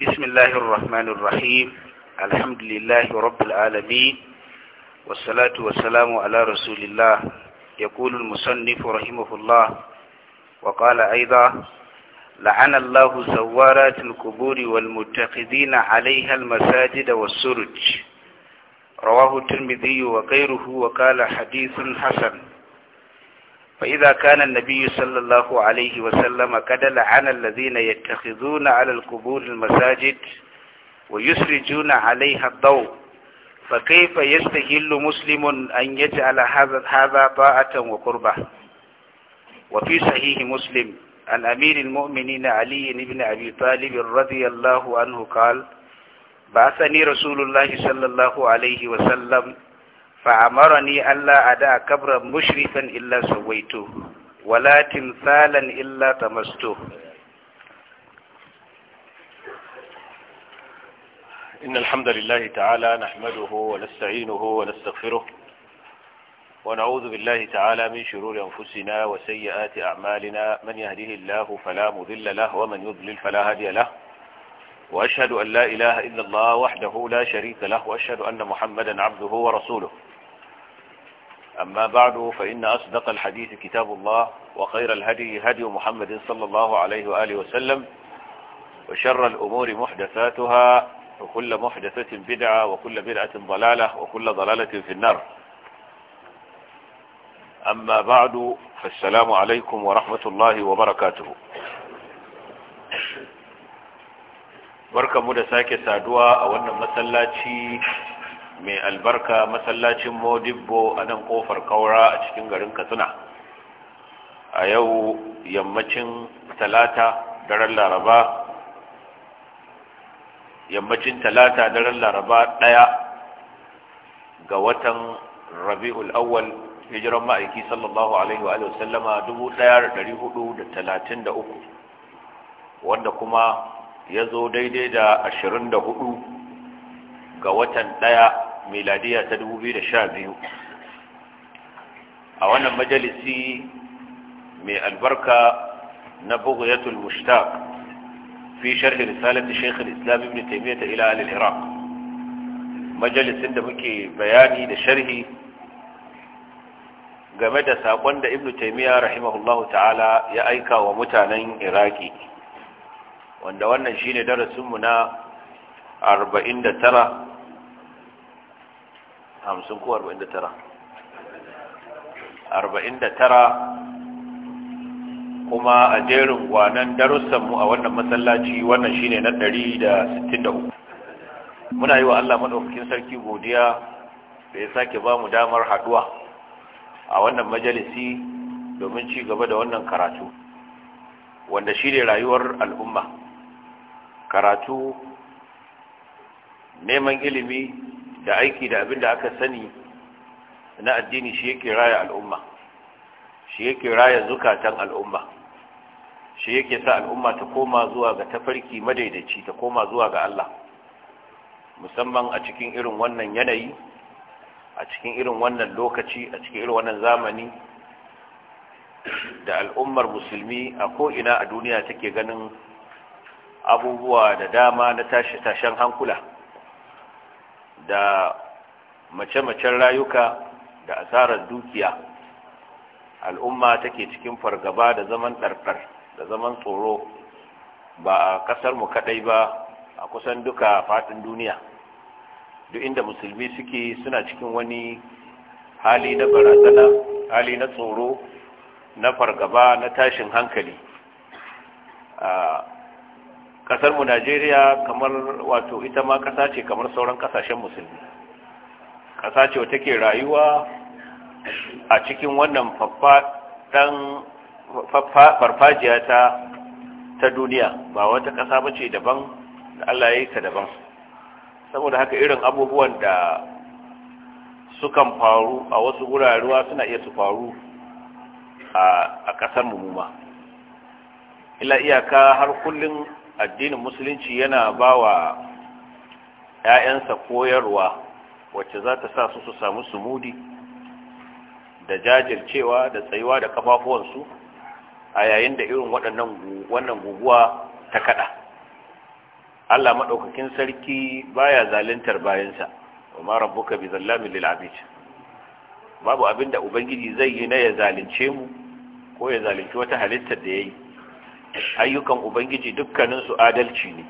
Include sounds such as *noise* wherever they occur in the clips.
بسم الله الرحمن الرحيم الحمد لله رب العالمين والصلاة والسلام على رسول الله يقول المصنف رحمه الله وقال أيضا لعن الله زوارات القبور والمتخذين عليها المساجد والسرج رواه الترمذي وغيره وقال حديث حسن فإذا كان النبي صلى الله عليه وسلم قد لعن الذين يتخذون على القبور المساجد ويسرجون عليها الضوء فكيف يستهل مسلم أن يجعل هذا هذا طاعة وقربة وفي صحيح مسلم عن أمير المؤمنين علي بن أبي طالب رضي الله عنه قال بعثني رسول الله صلى الله عليه وسلم فأمرني ألا أدع كبرا مشرفا إلا سويته ولا تمثالا إلا تمسته إن الحمد لله تعالى نحمده ونستعينه ونستغفره ونعوذ بالله تعالى من شرور أنفسنا وسيئات أعمالنا من يهده الله فلا مذل له ومن يضلل فلا هادي له وأشهد أن لا إله إلا الله وحده لا شريك له وأشهد أن محمدا عبده ورسوله أما بعد فإن أصدق الحديث كتاب الله وخير الهدي هدي محمد صلى الله عليه وآله وسلم وشر الأمور محدثاتها وكل محدثة بدعة وكل بدعة ضلالة وكل ضلالة في النار أما بعد فالسلام عليكم ورحمة الله وبركاته بركة مدساك سادوا أولا مسلاتي mai albarka masallacin modibbo a nan kofar kaura a cikin garin katsina a yau yammacin talata daren laraba yammacin talata daren laraba ɗaya ga watan rabi'ul awwal hijiran ma'aiki sallallahu alaihi wa sallama 1433 wanda kuma ya zo daidai da 24 ga watan ɗaya miladiya ta 2012 a wannan majalisi mai albarka na bughyatul mushtaq fi sharhi risalati shaykh al-islam ibn taymiyyah ila al-iraq majalisin da muke bayani da sharhi game da sakon da ibn taymiyyah rahimahullahu ta'ala ya aika wa mutanen iraki wanda wannan shine darasinmu na 49 hamsin ko arba'in da tara arba'in da tara kuma a jerin gwanan darussanmu a wannan masallaci wannan shi ne na ɗari da sittin da uku muna yi wa allah maɗaukakin sarki godiya da ya sake ba mu damar haɗuwa a wannan majalisi domin ci gaba da wannan karatu wanda shi ne rayuwar al'umma karatu neman ilimi da aiki da abin da aka sani na addini shi yake raya al'umma shi yake raya zukatan al'umma shi yake sa al'umma ta koma zuwa ga tafarki madaidaci ta koma zuwa ga Allah musamman a cikin irin wannan yanayi a cikin irin wannan lokaci a cikin irin wannan zamani da al'ummar musulmi a ko ina a duniya take ganin abubuwa da dama na tashi tashen hankula da mace-macen rayuka da asarar dukiya al'umma take cikin fargaba da zaman ɗarɗar da zaman tsoro ba a ƙasarmu kaɗai ba a kusan duka faɗin duniya duk inda musulmi suke suna cikin wani hali na barazana hali na tsoro na fargaba na tashin hankali ah, kasar mu Najeriya kamar wato ita ma kasa ce kamar sauran kasashen musulmi kasa ce wata ke rayuwa a cikin wannan faffaɗan farfajiya ta duniya ba wata kasa bace daban da Allah ya yi ta daban saboda haka irin abubuwan da sukan faru a wasu guraruwa suna iya su faru a ƙasarmu muma. ila iyaka har kullum addinin musulunci yana ba wa 'ya'yansa koyarwa wacce za ta sa su su samu sumudi da jajircewa da tsayuwa da kafafuwansu a yayin da irin waɗannan wannan guguwa ta kaɗa. Allah maɗaukakin sarki baya zaluntar bayansa wa ma rabbuka bi zallamin lil babu abinda ubangiji zai yi na ya zalunce mu ko ya zalunci wata halittar da yayi ayyukan ubangiji dukkaninsu adalci ne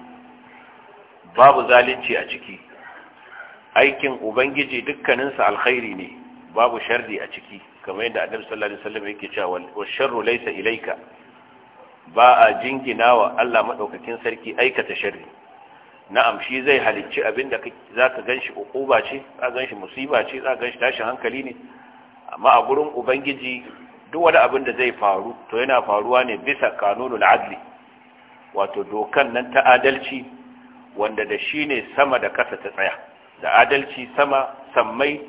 babu zalunci a ciki aikin ubangiji dukkaninsa alkhairi ne babu sharri a ciki kamar yadda annabi sallallahu alaihi wasallam yake cewa wa sharru laysa ilayka ba a jinginawa Allah madaukakin sarki aikata sharri na'am shi zai halicci abinda zaka ganshi ukuba ce za ganshi musiba ce za ganshi tashin hankali ne amma a gurin ubangiji duk wani abin da zai faru to yana faruwa ne bisa kanunul adli wato dokan nan ta adalci wanda da shi ne sama da ƙasa ta tsaya da adalci sama sammai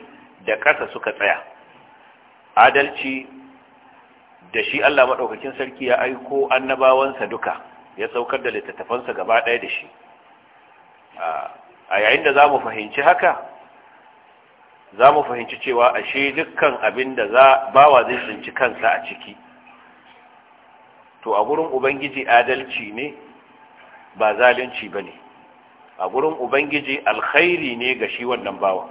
da ƙasa suka tsaya adalci da shi Allah maɗaukakin sarki ya aiko annabawansa duka ya saukar da littattafansa gaba ɗaya da shi a yayin da za mu fahimci haka za mu fahimci cewa ashe dukkan abin da za bawa zai tsinci kansa a ciki to a gurin ubangiji adalci ne ba zalunci ba ne a gurin ubangiji alkhairi ne ga shi wannan bawa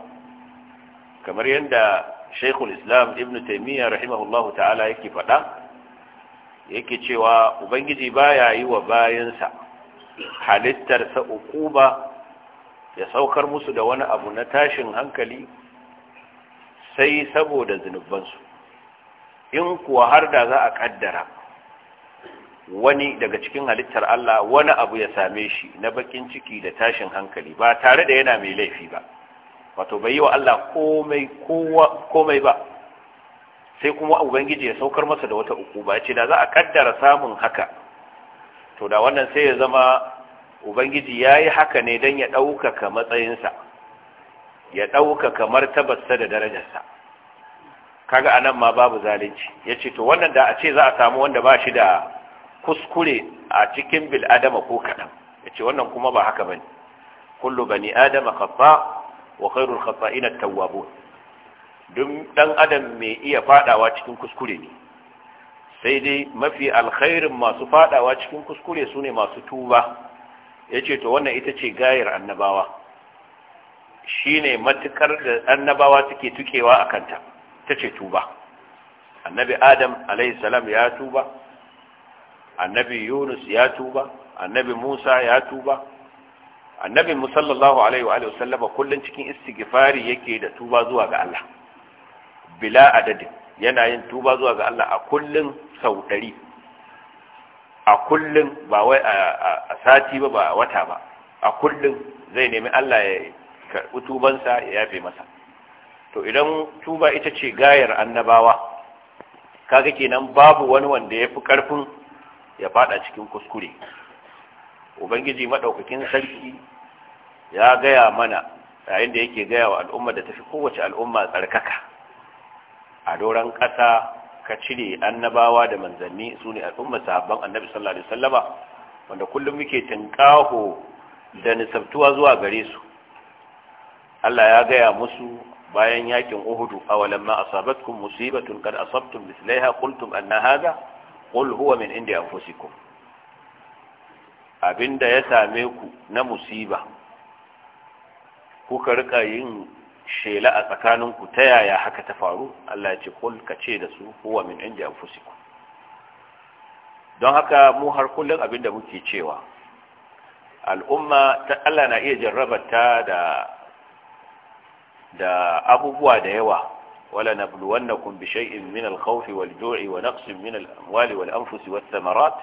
kamar yadda shaikhul islam ibn taimiyya rahimahullahu ta'ala yake faɗa yake cewa ubangiji baya yi wa bayansa halittarsa ukuba, ya saukar musu da wani abu na tashin hankali sai saboda zunubansu in kuwa har da za a kaddara wani daga cikin halittar Allah wani abu ya same shi na bakin ciki da tashin hankali ba tare da yana mai laifi ba wato bai yi wa Allah komai ba sai kuma ubangiji ya saukar masa da wata uku ba ce da za a kaddara samun haka to da wannan sai ya zama ubangiji ya yi haka ne don ya ɗaukaka matsayinsa ya ɗauka kamar martabarsa da darajarsa kaga anan ma babu zalunci ya ce to wannan da a ce za a samu wanda ba shi da kuskure a cikin bil'adama ko kaɗan ya ce wannan kuma ba haka ba ne kullu bani adama khata wa khairul khata'in at-tawwabun duk dan adam mai iya fadawa cikin kuskure ne sai dai mafi alkhairin masu fadawa cikin kuskure sune masu tuba Ya ce to wannan ita ce gayar annabawa shine matukar da annabawa suke tukewa a kanta ta ce tuba annabi adam alaihissalam ya tuba annabi yunus ya tuba annabi musa ya tuba annabi musallallahu alaihi wa sallama kullum cikin istighfari yake da tuba zuwa ga Allah bila adadin yana yin tuba zuwa ga Allah a kullum sau ɗari a kullum ba wai a sati ba ba wata ba a kullum zai nemi Allah ya karɓi tubansa ya yafe masa to idan tuba ita ce gayar annabawa kaga kenan babu wani wanda ya fi ƙarfin ya fada cikin kuskure ubangiji maɗaukakin sarki ya gaya mana yayin da yake gaya wa al'umma da tafi kowace al'umma tsarkaka a doron ƙasa ka cire annabawa da manzanni su ne al'umma sahabban annabi sallallahu alaihi wanda kullum muke tinkaho da nisabtuwa zuwa gare su Allah ya gaya musu bayan yakin Uhud awalamma asabatkum musibatun kad asabtum mislaiha qultum anna hadha qul huwa min indi anfusikum abinda ya same ku na musiba kuka rika yin shela a tsakaninku ta yaya haka ta faru Allah ya ce qul ka ce da su huwa min indi anfusikum don haka mu har kullum abinda muke cewa al'umma ta Allah na iya jarrabata da da abubuwa da yawa wala na nabluwannakum bi shay'in min al-khawfi wal-ju'i wa naqsin min al-amwali wal-anfusi wath-thamarat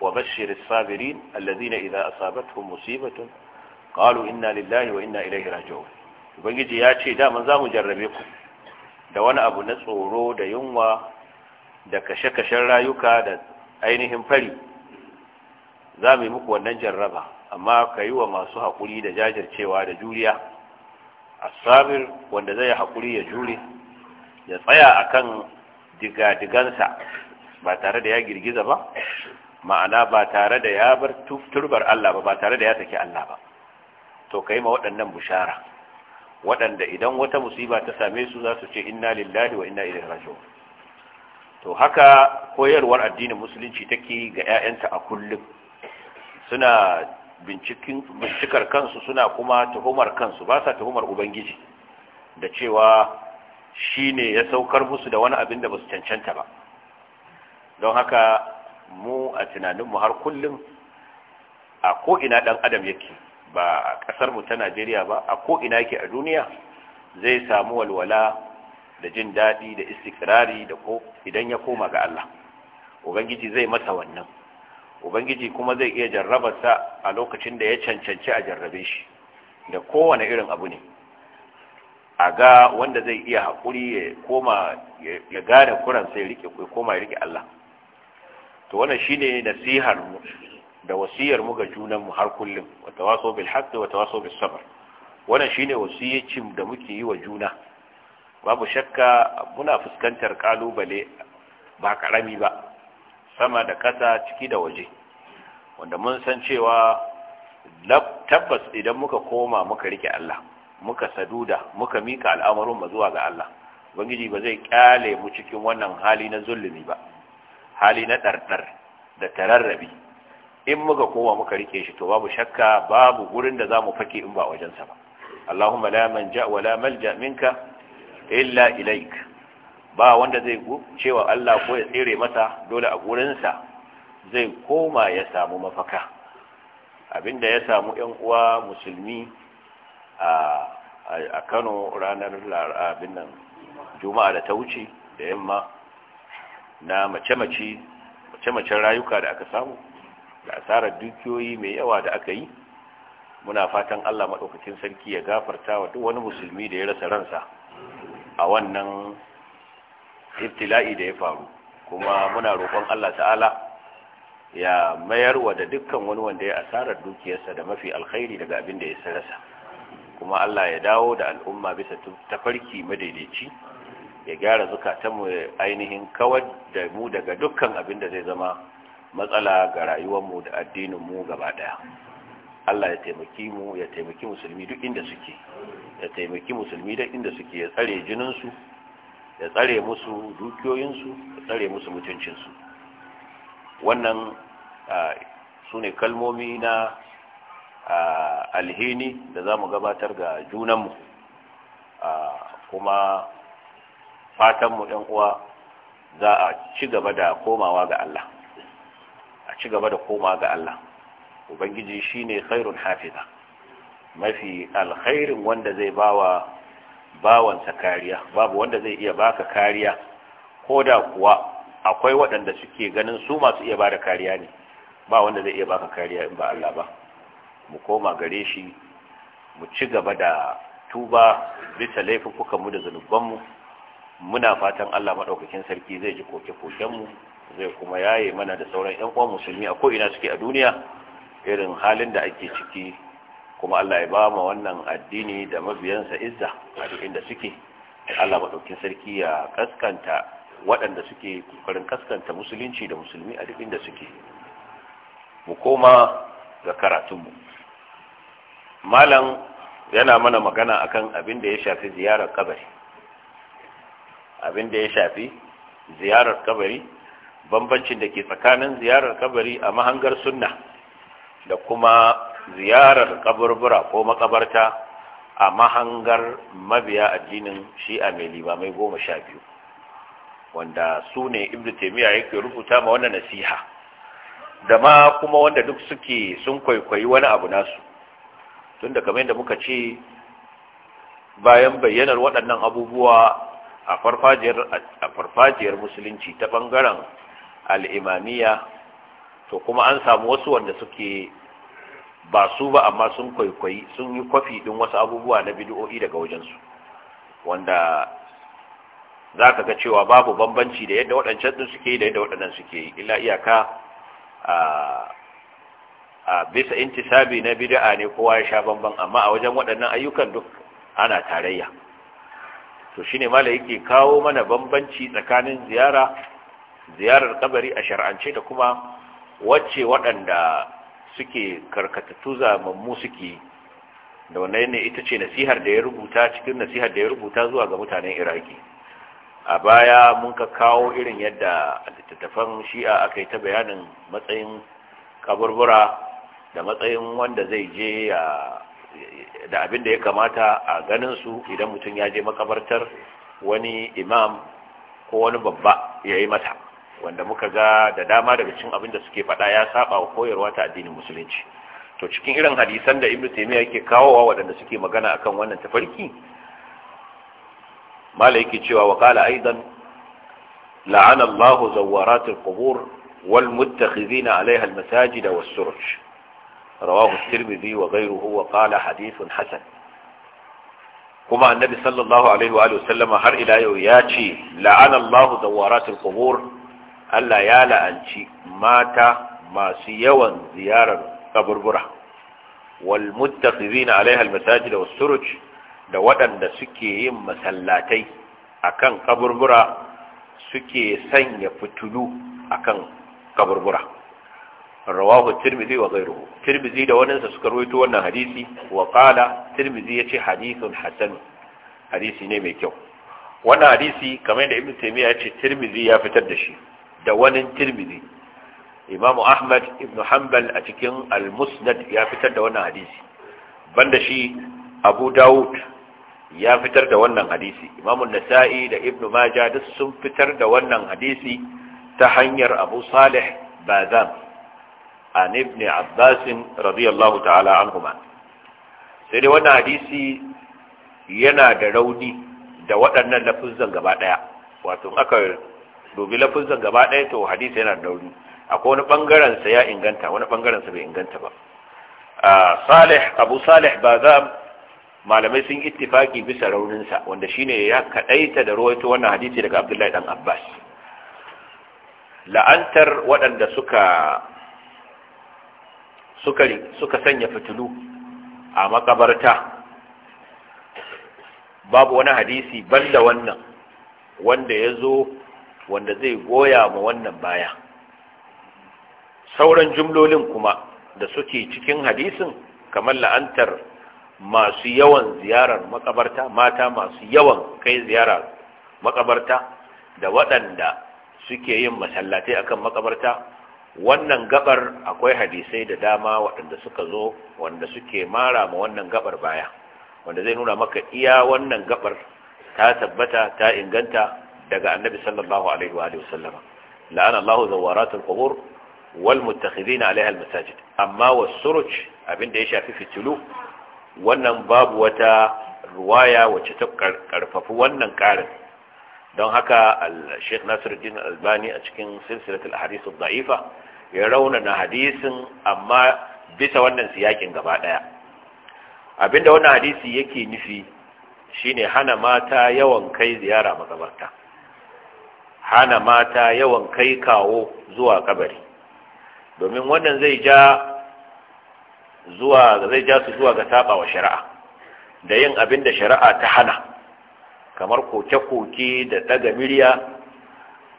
وبشر الصابرين الذين إذا أصابتهم مصيبة قالوا إنا لله وإنا إليه راجعون ubangiji ya ce da mun zamu jarrabe ku da wani abu na tsoro da yunwa da kashe-kashen rayuka da ainihin fari za mu yi muku wannan jarraba amma ka yi wa masu haƙuri da jajircewa da juriya asabir wanda zai haƙuri ya jure ya tsaya akan digadigansa ba tare da ya girgiza ba ma'ana ba tare da ya bar turbar Allah ba ba tare da ya saki Allah ba to kai ma waɗannan bushara waɗanda idan wata musiba ta same su za su ce inna lillahi wa inna ilaihi raji'un to haka koyarwar addinin musulunci take ga 'ya'yanta a kullum suna bincikar kansu suna kuma tuhumar kansu ba sa tuhumar ubangiji da cewa shi ne ya saukar musu da wani abin da ba su cancanta ba don haka mu a tunaninmu har kullum a ko'ina ɗan adam yake ba a ƙasarmu ta najeriya ba a ko'ina yake a duniya zai samu walwala da jin daɗi da istikirari da ko idan ya koma ga allah ubangiji zai masa wannan ubangiji kuma zai iya jarrabarsa a lokacin da ya cancanci a jarrabe shi da kowane irin abu ne a ga wanda zai iya haƙuri ya koma ya gane kuransa ya rike koma ya rike Allah to wannan shine nasihar mu da wasiyar ga junan mu har kullum wata waso bil haqqi wata waso bil sabr wannan shine wasiyacin da muke yi wa juna babu shakka muna fuskantar ƙalubale ba ƙarami ba sama da ƙasa ciki da waje wanda mun san cewa tabbas idan muka koma muka rike Allah muka saduda muka mika al'amarin mu zuwa ga Allah ubangiji ba zai kyale mu cikin wannan hali na zulumi ba hali na ɗarɗar, da tararrabi in muka koma muka rike shi to babu shakka babu gurin da zamu fake in ba wajensa ba Allahumma la manja wa la malja minka illa ilaika ba wanda zai cewa Allah ko ya tsere masa dole a gurinsa zai koma ya samu mafaka abinda ya samu ‘yan uwa musulmi a kano ranar abin nan juma'a da ta wuce da yamma na mace-macen rayuka da aka samu da asarar dukiyoyi mai yawa da aka yi muna fatan Allah maɗaukacin sarki ya gafarta wa duk wani musulmi da ya rasa ransa a wannan ibtila'i da ya faru kuma muna roƙon Allah ta'ala ya mayar wa da dukkan wani wanda ya asarar dukiyarsa da mafi alkhairi daga abin da ya sarasa kuma Allah ya dawo da al'umma bisa tafarki madaidaici ya gyara zukatanmu ainihin kawar da mu daga dukkan abin da zai zama matsala ga rayuwar mu da addinin mu gaba ɗaya. Allah ya taimaki mu ya taimaki musulmi duk inda suke ya taimaki musulmi duk inda suke ya tsare jininsu ya tsare musu dukiyoyinsu ya tsare musu mutuncinsu wannan su ne kalmomi na alhini da za mu gabatar ga junanmu kuma fatanmu uwa za a ci gaba da komawa ga Allah a ci gaba da komawa ga Allah ubangiji shine khairun hafiza mafi alkhairin wanda zai bawa bawansa kariya babu wanda zai iya baka kariya ko da kuwa akwai waɗanda suke ganin su masu iya bada kariya ne ba wanda zai iya baka kariya in ba Allah ba mu koma gare shi mu ci gaba da tuba bisa mu da zunubanmu muna fatan Allah maɗaukakin sarki zai ji koke-kokenmu zai kuma yaye mana da sauran 'yan uwan musulmi a ko'ina suke a duniya irin halin da ake ciki kuma Allah ya ba mu wannan addini da mabiyansa izza a duk inda suke Allah madaukin sarki ya kaskanta waɗanda suke kokarin kaskanta musulunci da musulmi a duk inda suke mu koma ga karatunmu malam yana mana magana akan abin da ya shafi ziyarar kabari abin da ya shafi ziyarar kabari bambancin da ke tsakanin ziyarar kabari a mahangar sunna da kuma ziyarar kaburbura ko makabarta a mahangar mabiya addinin shi'a mai limamai goma sha biyu wanda su ne ibnu taimiyya yake rubuta ma wannan nasiha da ma kuma wanda duk suke sun kwaikwayi wani abu nasu tun da kamar yadda muka ce bayan bayyanar waɗannan abubuwa a farfajiyar musulunci ta ɓangaren al'imamiya to kuma an samu wasu wanda suke ba su ba amma sun kwaikwayi sun yi kwafi din wasu abubuwa na bid'o'i daga wajensu wanda za ka ga cewa babu bambanci da yadda waɗancan ɗin suke yi da yadda waɗannan suke yi illa iyaka a bisa intisabi na bid'a ne kowa ya sha bamban amma a wajen waɗannan ayyukan duk ana tarayya to shine mala yake kawo mana bambanci tsakanin ziyara ziyarar kabari a shar'ance da kuma wacce waɗanda suke karkatattu zamammu suke da wannan ne ita ce nasihar da ya rubuta cikin nasihar da ya rubuta zuwa ga mutanen iraki a baya mun ka kawo irin yadda littattafan shi'a aka yi ta bayanin matsayin kaburbura da matsayin wanda zai je da abin da ya kamata a ganin su idan mutum ya je makabartar wani imam ko wani babba ya yi mata wanda muka ga da dama daga cikin abin da suke faɗa ya saba wa koyarwa ta addinin musulunci to cikin irin hadisan da ibnu taymiya yake kawowa waɗanda suke magana akan wannan tafarki mala yake cewa wa qala aidan la'ana Allahu zawarat al-qubur wal muttakhidhin 'alayha al-masajid was-suruj rawahu at-tirmidhi wa ghayruhu wa qala hadithun hasan kuma annabi sallallahu alaihi wa sallama har ila yau ya ce la'ana Allahu zawarat qubur Allah ya la'anci mata masu yawan ziyarar kaburbura wal muttaqizina alaiha al was suruj da waɗanda suke yin masallatai akan kaburbura suke sanya fitulu akan kaburbura rawahu tirmidhi wa ghayruhu tirmidhi da waninsa suka rawaito wannan hadisi wa qala tirmidhi yace hadithun hasan hadisi ne mai kyau wannan hadisi kamar da ibnu taymiya yace tirmidhi ya fitar da shi da wani tirmidhi imam ahmad ibn hanbal a cikin al-musnad ya fitar da wannan hadisi banda shi abu daud ya fitar da wannan hadisi imam nasa'i da ibn majah duk sun fitar da wannan hadisi ta hanyar abu salih bazam an ibn abbas radiyallahu ta'ala anhuma sai dai wannan hadisi yana da rauni da waɗannan lafuzan gaba ɗaya wato aka dubi lafuzan gaba ɗaya to hadisi yana da rauni akwai wani bangaren sa ya inganta wani bangaren bai inganta ba salih abu salih bazam malamai sun ittifaki bisa raunin sa wanda shine ya kaɗaita da ruwaito wannan hadisi daga abdullahi dan abbas la'antar waɗanda suka suka suka sanya fitilu a makabarta babu wani hadisi banda wannan wanda ya zo wanda zai goya ma wannan baya sauran jumlolin kuma da suke cikin hadisin kamar la'antar masu yawan ziyarar makabarta mata masu yawan kai ziyara makabarta da waɗanda suke yin masallatai akan makabarta wannan gabar akwai hadisai da dama waɗanda suka zo wanda suke mara ma wannan gabar baya wanda zai nuna maka iya wannan gabar ta tabbata ta inganta daga annabi sallallahu alaihi wa alihi wasallam la'ana Allahu zawaratul qubur wal muttakhidina alaiha al masajid amma wasuruj abinda ya shafi fitilu wannan babu wata ruwaya wacce ta karfafi wannan karin don haka al-Sheikh Nasiruddin Albani a cikin silsilatul ahadith ad-da'ifa ya raunana hadisin amma bisa wannan siyakin gaba daya abinda wannan hadisi yake nufi shine hana mata yawan kai ziyara makabarta hana mata yawan kai kawo zuwa kabari domin wannan zai ja zuwa zai ja su zuwa ga saba wa shari'a da yin abin da shari'a ta hana kamar koke-koke da daga miriya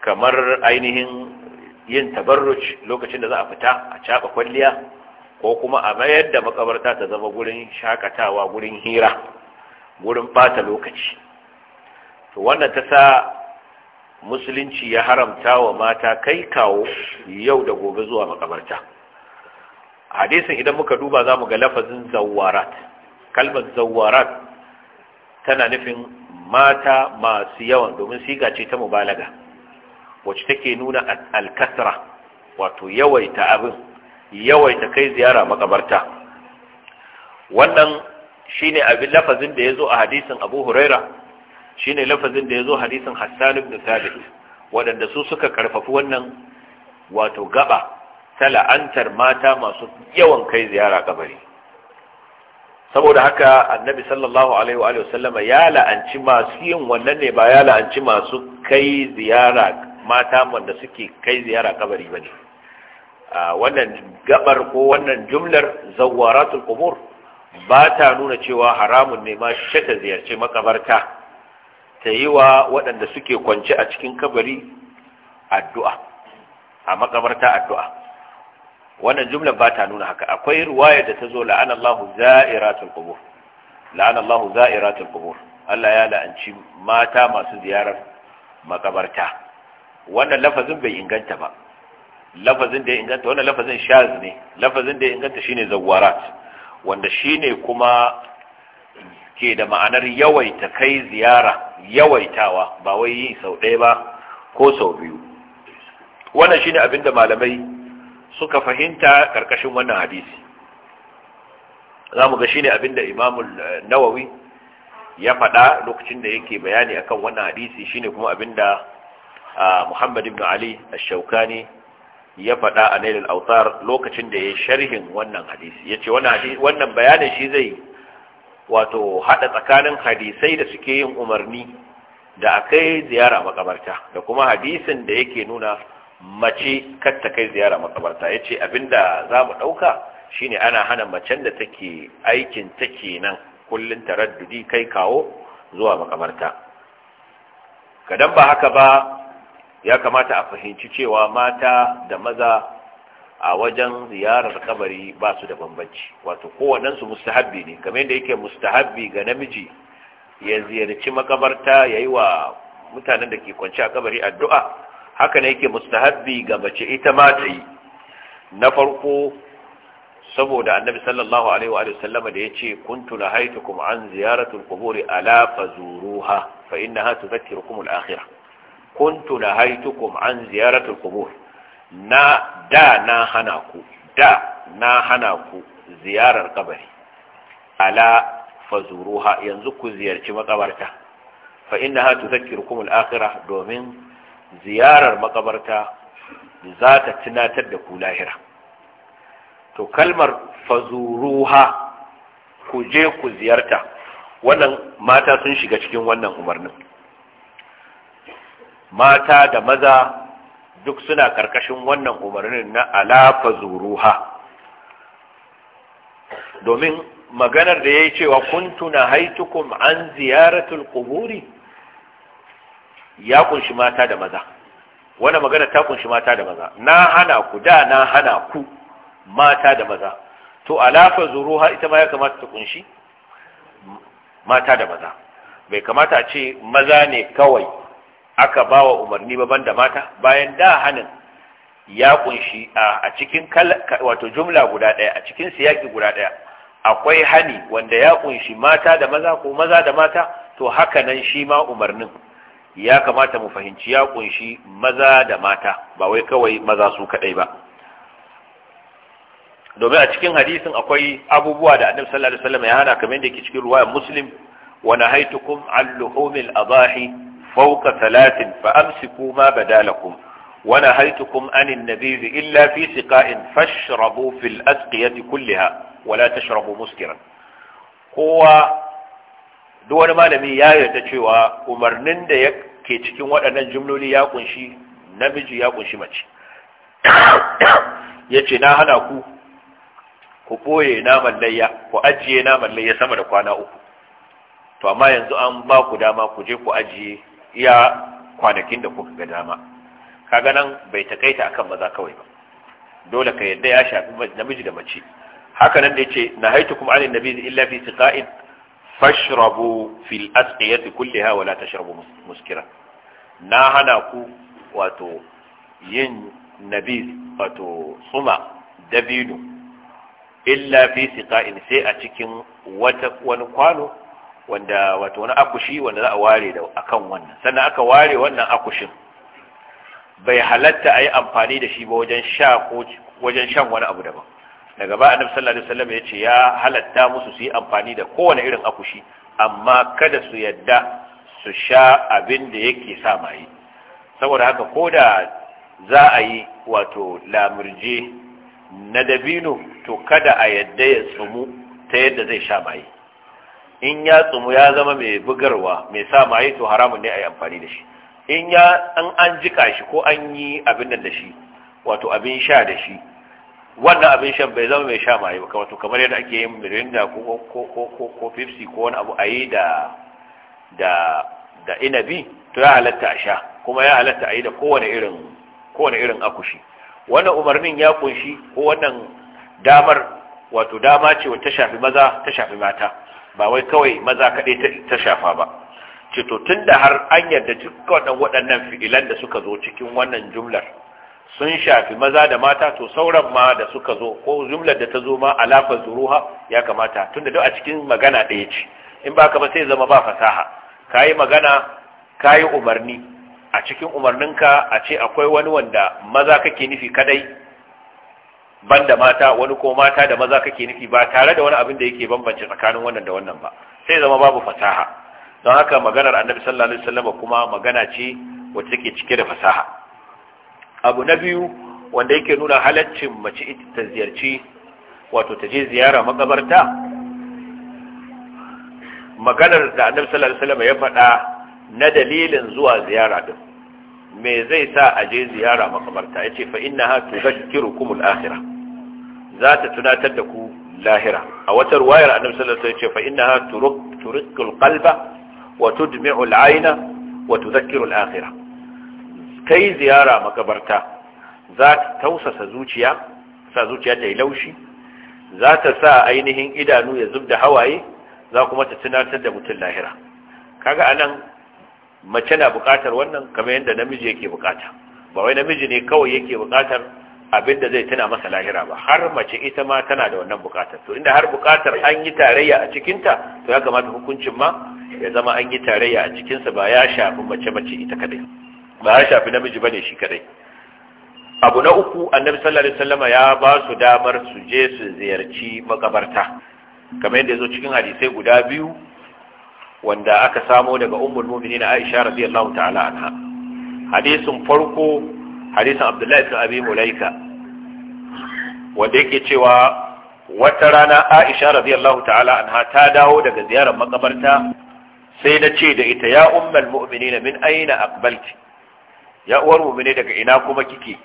kamar ainihin yin tabarruc lokacin da za a fita a caba kwalliya ko kuma a mayar da makabarta ta zama gurin shakatawa gurin hira gurin bata lokaci to wannan ta sa musulunci ya haramta wa mata kai kawo yau da gobe zuwa makabarta hadisin idan muka duba za mu ga lafazin zawarat kalmar zawarat tana nufin mata masu yawan domin siga ce ta mubalaga wacce take nuna alkasra wato yawaita abin yawaita kai ziyara makabarta wannan shine abin lafazin da ya zo a hadisin abu huraira shine lafazin da yazo hadisin Hassan ibn Thabit wadanda su suka karfafi wannan wato gaba tala'antar mata masu yawan kai ziyara kabari saboda haka annabi sallallahu alaihi wa sallama ya la'anci masu yin wannan ne ba ya la'anci masu kai ziyara mata wanda suke kai ziyara kabari bane wannan gabar ko wannan jumlar zawaratul qubur ba ta nuna cewa haramun ne ma shata ziyarce makabarta ta yi wa waɗanda suke kwance a cikin kabari addu'a a makabarta addu'a wannan jumla ba ta nuna haka akwai ruwaya da ta zo la'anallahu za'iratul ƙubur. la'anallahu za'iratul ƙubur. Allah ya la'anci mata masu ziyarar makabarta wannan lafazin bai inganta ba lafazin da ya inganta wannan lafazin shaz ne lafazin da ya inganta shine zawarat wanda shine kuma ke da ma'anar yawaita kai ziyara yawaitawa ba wai yi sau ɗaya ba ko sau biyu wannan shine abin da malamai suka fahimta karkashin wannan hadisi za mu ga shine abin da imamul eh, nawawi ya faɗa lokacin da yake bayani akan wannan hadisi shine kuma abin da ah, muhammad ibn ali ash-shawkani ya faɗa a nailul autar lokacin da ya sharhin wannan hadisi yace wannan wannan bayanin shi zai wato hada tsakanin hadisai da suke yin umarni da akai ziyara makabarta da kuma hadisin da yake nuna mace kar ta kai ziyara makabarta yace abinda mu dauka shine ana hana macen da take aikin ta kenan kullun taraddudi kai kawo zuwa makabarta kadan ba haka ba ya kamata a fahimci cewa mata da maza a wajen ziyarar kabari ba su da bambanci wato kowaɗansu mustahabbi ne kamar yadda yake mustahabbi ga namiji ya ziyarci makabarta ya yi wa mutanen da ke kwanci a kabari addu'a haka ne yake mustahabbi ga mace ita ma ta yi na farko saboda annabi sallallahu alaihi wa sallama da yace kuntu nahaytukum an ziyaratul quburi ala fazuruha fa innaha tudhakkirukum al-akhirah kuntu nahaytukum an ziyaratul qubur na da na hana ku da na hana ku ziyarar kabari ala fazuruha yanzu ku ziyarci makabarta fa ha tudhakkirukum al-akhirah domin ziyarar makabarta za ta tunatar da ku lahira to kalmar fazuruha ku je ku ziyarta wannan mata sun shiga cikin wannan umarnin mata da maza duk suna karkashin wannan umarnin na alafa zuruha domin maganar da ya yi cewa kuntuna haitukum an ziyaratul kuburi ya kunshi mata da maza wani magana ta kunshi mata da maza na hana ku da na hana ku mata da maza to alafa zuruha ita ma ya kamata ta kunshi mata da maza bai kamata a ce maza ne kawai aka ba wa umarni ba banda mata bayan da hanin ya kunshi a cikin wato jumla guda ɗaya a cikin siyaki guda ɗaya akwai hani wanda ya kunshi mata da maza ko maza da mata to haka nan shi ma umarnin ya kamata mu fahimci ya kunshi maza da mata ba wai kawai maza su kadai ba domin a cikin hadisin akwai abubuwa da annabi sallallahu alaihi wasallam ya hana kamar yadda yake cikin ruwayar muslim wa nahaitukum an luhumil adahi fawqa talatin fa amsiku ma badalakum wa nahaytukum anin nabiz illa fi siqa'in fashrabu fil asqiyati kullaha wa la tashrabu muskiran kowa duk wani malami ya yarda cewa umarnin da yake cikin waɗannan jumloli ya kunshi namiji ya kunshi mace yace na hana ku ku ɓoye naman layya ku ajiye naman layya sama da kwana uku to amma yanzu an ba ku dama ku je ku ajiye iya kwanakin da kuka ga dama kaga nan bai takaita akan maza kawai ba dole ka yadda ya shafi namiji da mace haka nan da yace kuma alin nabi illa fi siqa'in fashrabu fil asqiyati kulliha wa la tashrabu muskira na hana ku wato yin nabi wato suma dabino illa fi siqa'in sai a cikin wata wani kwano wanda wato wani akushi wanda za a ware da akan wannan sannan aka ware wannan akushin bai halatta a yi amfani da shi ba wajen sha ko wajen shan wani abu daban daga ba annabi sallallahu alaihi wasallam ya ce ya halatta musu su yi amfani da kowane irin akushi amma kada su yadda su sha abin da yake sa maye saboda haka koda za a yi wato lamurje na dabino to kada a yadda ya tsumu ta yadda zai sha maye in ya tsumu ya zama mai bugarwa mai sa maye to haramun ne a yi amfani da shi in ya an an jika shi ko an yi abin nan da shi wato abin sha da shi wannan abin shan bai zama mai sha maye ba wato kamar yadda ake yin mirinda ko ko ko ko wani abu da da inabi to ya halatta a sha kuma ya halatta ayi da kowane irin kowane irin akushi wannan umarnin ya kunshi ko wannan damar wato dama ce wata shafi maza ta shafi mata ba wai kawai maza kaɗai ta shafa ba ce to da har an yarda dukkan waɗannan fi'ilan da suka zo cikin wannan jumlar sun shafi maza da mata to sauran ma da suka zo ko jumlar da ta zo ma alafa zuruha ya kamata tunda duk a cikin magana ɗaya ce in ba ka ba sai zama ba fasaha kayi magana kayi umarni a cikin umarninka a ce akwai wani wanda maza kake nufi kadai banda mata wani ko mata da maza kake nufi ba tare da wani abin da yake bambance tsakanin wannan da wannan ba sai zama babu fasaha don haka maganar annabi sallallahu alaihi wasallam kuma magana ce wacce take cike da fasaha abu na biyu wanda yake nuna halaccin mace ta ziyarci wato ta je ziyara makabarta maganar da annabi sallallahu alaihi wasallam ya faɗa na dalilin zuwa ziyara din me zai sa a je ziyara makabarta yace fa innaha tudhakkirukum al-akhirah za ta tunatar da ku lahira a wata ruwayar annabi sallallahu alaihi wasallam ya ce fa innaha turikul qalba wa tudmi'u al wa tudhakkiru al kai ziyara makabarta za ta tausasa zuciya sa zuciya ta yi laushi za ta sa ainihin idanu ya zubda hawaye za kuma ta tunatar da mutum lahira kaga anan mace na bukatar wannan kamar yadda namiji yake bukata ba wai namiji ne kawai yake bukatar abin da zai tuna masa lahira ba har mace ita ma tana da wannan bukatar to inda har bukatar an yi tarayya a cikinta to ya kamata hukuncin ma ya zama an yi tarayya a cikinsa ba ya shafi mace mace ita kadai ba ya shafi namiji bane shi kadai abu na uku annabi sallallahu alaihi wasallama ya ba su damar su je su ziyarci makabarta kamar yadda yazo cikin hadisai guda biyu wanda aka samo daga ummul mu'minin Aisha radiyallahu ta'ala anha hadisin farko Hadisan abdullahi ibn abi mulaika wanda yake cewa wata rana aisha radiyallahu ta'ala anha ta dawo daga ziyarar makabarta sai na ce da ita ya ummul mu'minina min aina aqbalti ya uwar mu'mini daga ina kuma kike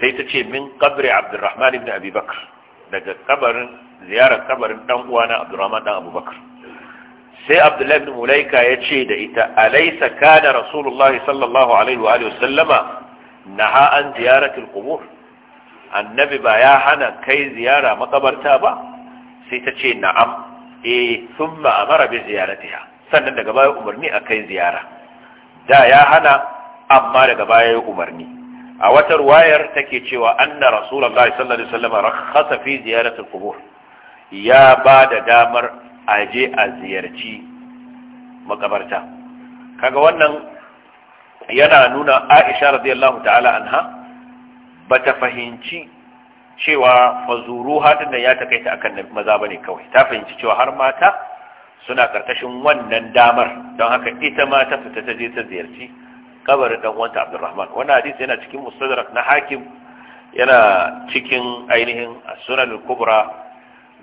sai ta ce min qabri abdurrahman ibn abi bakr daga kabarin ziyarar kabarin dan uwana abdurrahman dan abubakar sai abdullahi ibn mulaika ya ce da ita alaysa kana rasulullahi sallallahu alaihi wa alihi wasallama naha an ziyaratul qubur annabi ba ya hana kai ziyara makabarta ba sai ta ce na'am eh thumma amara bi ziyaratiha sannan daga baya umarni a kai ziyara da ya hana amma daga baya ya umarni a wata ruwayar take cewa anna rasulullahi sallallahu alaihi wasallam rakhasa fi ziyaratul qubur ya ba da damar aje a ziyarci makabarta kaga wannan yana nuna aisha radiyallahu ta'ala anha ba ta fahimci cewa fazuru hadin da ya ta akan maza bane kawai ta fahimci cewa har mata suna karkashin wannan damar don haka ita ma ta fita ta je ta ziyarci kabarin dan uwanta Abdulrahman wannan hadisi yana cikin mustadrak na Hakim yana cikin ainihin Sunan al-Kubra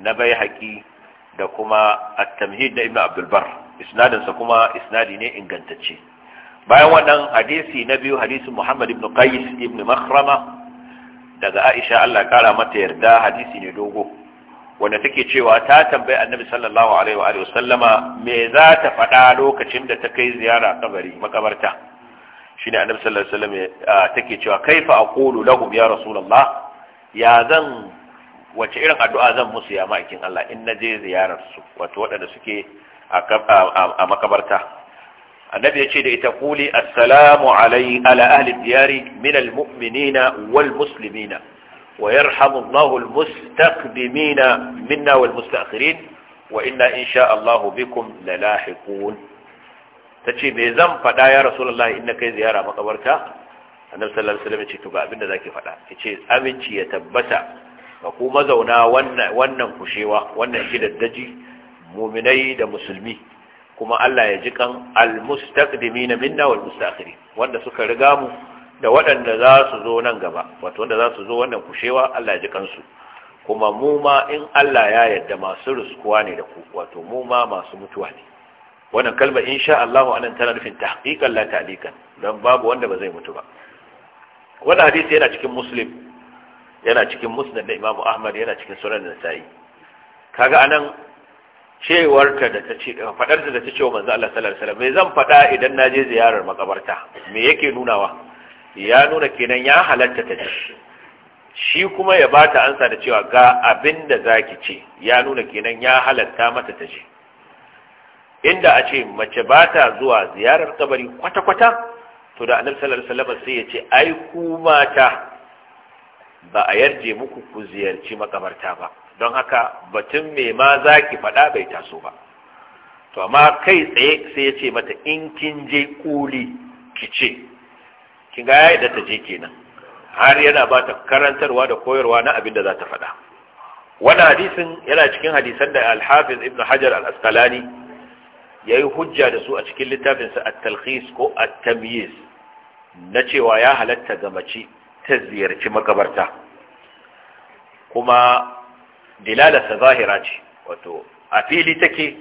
na Baihaqi da kuma At-Tamhid da Ibn Abdul Bar isnadinsa kuma isnadi ne ingantacce bayan wannan hadisi na biyu hadisin Muhammad ibn Qais ibn Makhrama daga Aisha Allah kara mata yarda hadisi ne dogo wanda take cewa ta tambayi Annabi sallallahu alaihi wa alihi sallama me za ta faɗa lokacin da ta kai ziyara kabari makabarta shine Annabi sallallahu alaihi wasallam take cewa kaifa aqulu lahum ya rasulullah ya zan wace irin addu'a zan musu ya ma'aikin Allah in naje ziyarar su wato waɗanda suke a makabarta annabi yace da ita kuli assalamu alai ala ahli diyari min almu'minina wal muslimina wa yarhamu Allahu almustaqdimina minna wal mustaakhirin wa inna insha Allah bikum lalahiqun tace me zan fada ya rasulullahi inna kai ziyara makabarta annabi sallallahu alaihi wasallam ya ce to ga abinda zaki fada yace aminci ya tabbata ba ku mazauna wannan wannan kushewa wannan gidaddaji daji muminai da musulmi kuma Allah ya ji kan na minna wal mustakhirin wanda suka riga mu da waɗanda za su zo nan gaba wato wanda za su zo wannan kushewa Allah ya ji kansu kuma mu ma in Allah ya yarda masu ruskuwa ne da ku wato mu ma masu mutuwa ne wannan kalma insha Allah anan tana nufin tahqiqan la ta'liqan dan babu wanda ba zai mutu ba wannan hadisi yana cikin muslim yana cikin musnad da Imam Ahmad yana cikin sunan Nasa'i kaga anan cewarta da ta ce fadarta da ta ce wa manzo Allah sallallahu alaihi wasallam me zan faɗa idan na je ziyarar makabarta me yake nunawa ya nuna kenan ya halatta ta shi kuma ya bata ansa da cewa ga abinda zaki ce ya nuna kenan ya halatta mata ta je. inda a ce mace ba ta zuwa ziyarar kabari kwata-kwata to da annabi sallallahu alaihi wasallam sai ya ce ai ku mata ba a yarje muku ku ziyarci makabarta ba don haka batun me ma za ki faɗa bai taso ba to amma kai tsaye sai ya ce mata in kin je ƙuli ki ce kin ga yayi da ta je kenan har yana ba ta karantarwa da koyarwa na abin da za ta faɗa Wani hadisin yana cikin hadisan da alhafiz ibnu ibn hajar al-asqalani yayi hujja da su a cikin littafinsa at-talkhis ko at-tamyiz na cewa ya halatta ga mace ta ziyarci makabarta kuma dilalarsa zahira ce wato a fili take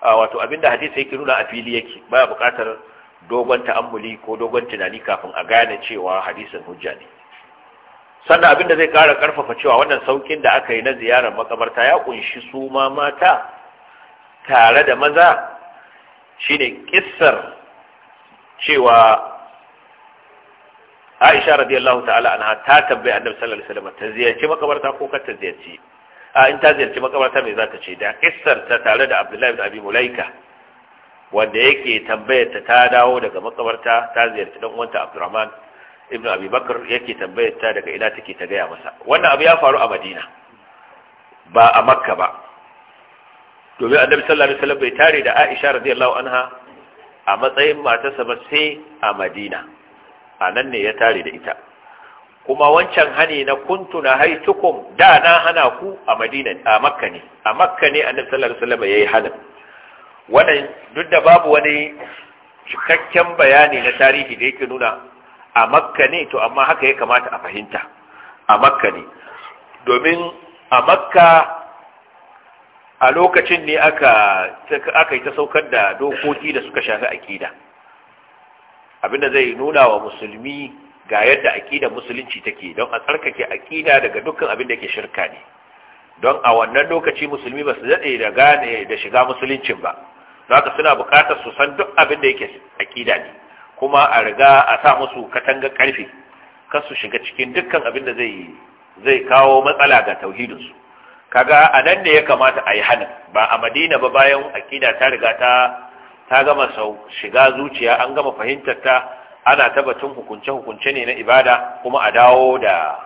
wato abinda hadisi yake nuna a fili yake baya buƙatar dogon ta'ammuli ko dogon tunani kafin a gane cewa hadisin hujja ne sannan abinda zai ƙara ƙarfafa cewa wannan saukin da aka yi na ziyarar makabarta ya kunshi su ma mata tare da maza shine kissar cewa Aisha radiyallahu ta'ala anha ta tambayi Annabi sallallahu alaihi wasallam ta ziyarci makabarta ko kar ta ziyarci a in ta ziyarci makabarta mai zata ce da kissar ta tare da abdullahi bin abi mulaika wanda yake tambayar ta ta dawo daga makabarta ta ziyarci dan uwanta abdurrahman ibnu abi bakr yake tambayar ta daga ina take ta gaya masa wannan abu ya faru a madina ba a makka ba domin annabi sallallahu alaihi wasallam bai tare da aisha radiyallahu anha a matsayin matarsa ba sai a madina a nan ne ya tare da ita kuma wancan hani na kuntu na haitukum da na hana ku a madina a makka ne a makka ne annabi sallallahu alaihi wasallam yayi halin wannan duk da babu wani cikakken bayani na tarihi da yake nuna a makka ne to amma haka ya kamata a fahimta a makka ne domin a makka a lokacin ne aka aka yi ta saukar da dokoki da suka shafi akida abinda zai nuna wa musulmi ga yadda aqidar musulunci take don a tsarkake aƙida daga dukkan abin da yake shirka ne don a wannan lokaci musulmi ba su dade da gane da shiga musuluncin ba haka suna buƙatar su san duk abin da yake aqida ne kuma a riga a sa musu katangar karfi kar su shiga cikin dukkan abin da zai zai kawo matsala ga tauhidin su kaga a nan ne ya kamata a yi hana ba a madina ba bayan aqida ta riga ta ta gama shiga zuciya an gama fahimtar ta ana batun hukunce-hukunce ne na ibada kuma a dawo da